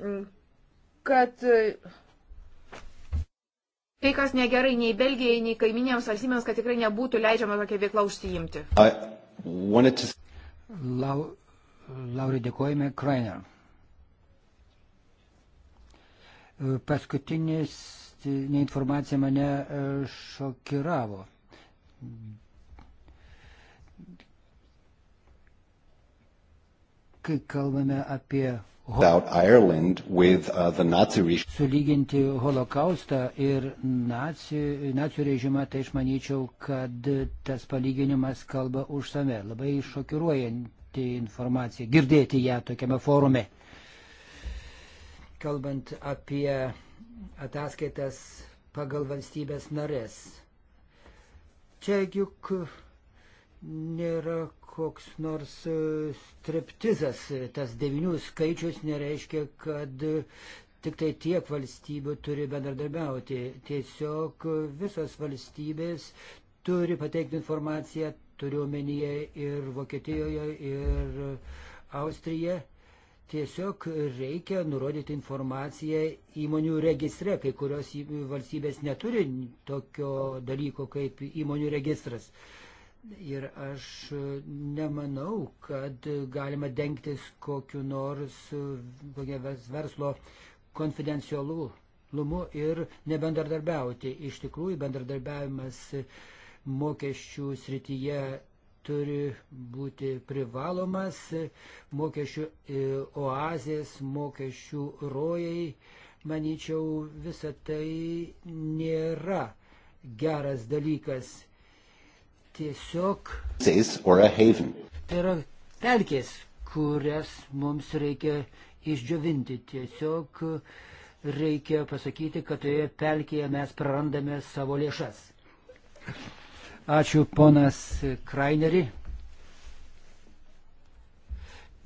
mm, kad tai, kas negerai nei Belgijai, nei kaiminėms valstybėms, kad tikrai nebūtų leidžiama tokia veikla užsiimti. I... To... Lau, Laurai dėkojame, Kreiner. Paskutinis neinformacija mane e, šokiravo. Kai kalbame apie uh, Sulyginti holokaustą ir nacijų režimą, tai aš manyčiau, kad tas palyginimas kalba už save. Labai šokiruojant gauti informaciją, girdėti ją tokiame forume. Kalbant apie ataskaitas pagal valstybės narės. Čia juk nėra koks nors striptizas, tas devinių skaičius nereiškia, kad tik tai tiek valstybių turi bendradarbiauti. Tiesiog visos valstybės turi pateikti informaciją turiuomenyje ir Vokietijoje, ir Austrija. Tiesiog reikia nurodyti informaciją įmonių registre, kai kurios valstybės neturi tokio dalyko kaip įmonių registras. Ir aš nemanau, kad galima dengtis kokiu nors kokia verslo konfidencialumu ir nebendradarbiauti. Iš tikrųjų, bendradarbiavimas mokesčių srityje turi būti privalomas, mokesčių e, oazės, mokesčių rojai. Manyčiau, visa tai nėra geras dalykas. Tiesiog. Tai yra pelkės, kurias mums reikia išdžiovinti. Tiesiog reikia pasakyti, kad toje pelkėje mes prarandame savo lėšas. Ačiū ponas Kraineri.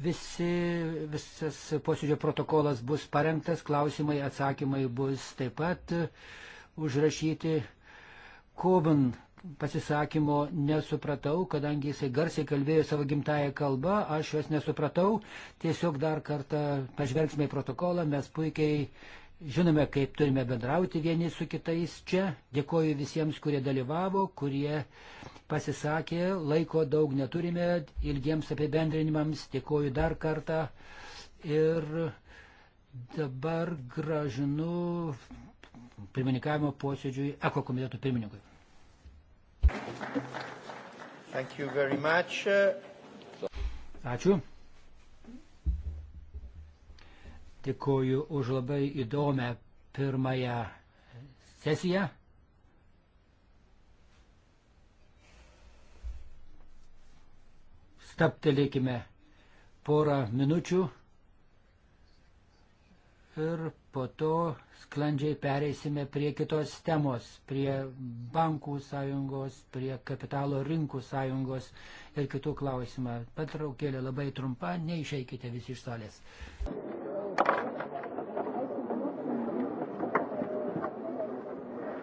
Visi, visas posėdžio protokolas bus parengtas, klausimai, atsakymai bus taip pat užrašyti. Koban pasisakymo nesupratau, kadangi jisai garsiai kalbėjo savo gimtają kalbą, aš jos nesupratau. Tiesiog dar kartą pažvelgsime į protokolą, mes puikiai Žinome, kaip turime bendrauti vieni su kitais čia. Dėkoju visiems, kurie dalyvavo, kurie pasisakė. Laiko daug neturime ilgiems apibendrinimams. Dėkoju dar kartą. Ir dabar gražinu pirmininkavimo posėdžiui Eko komiteto pirmininkui. Ačiū. Dėkuoju už labai įdomią pirmąją sesiją. Staptelėkime porą minučių ir po to sklandžiai pereisime prie kitos temos, prie bankų sąjungos, prie kapitalo rinkų sąjungos ir kitų klausimą. Patraukėlė labai trumpa, neišeikite visi iš salės.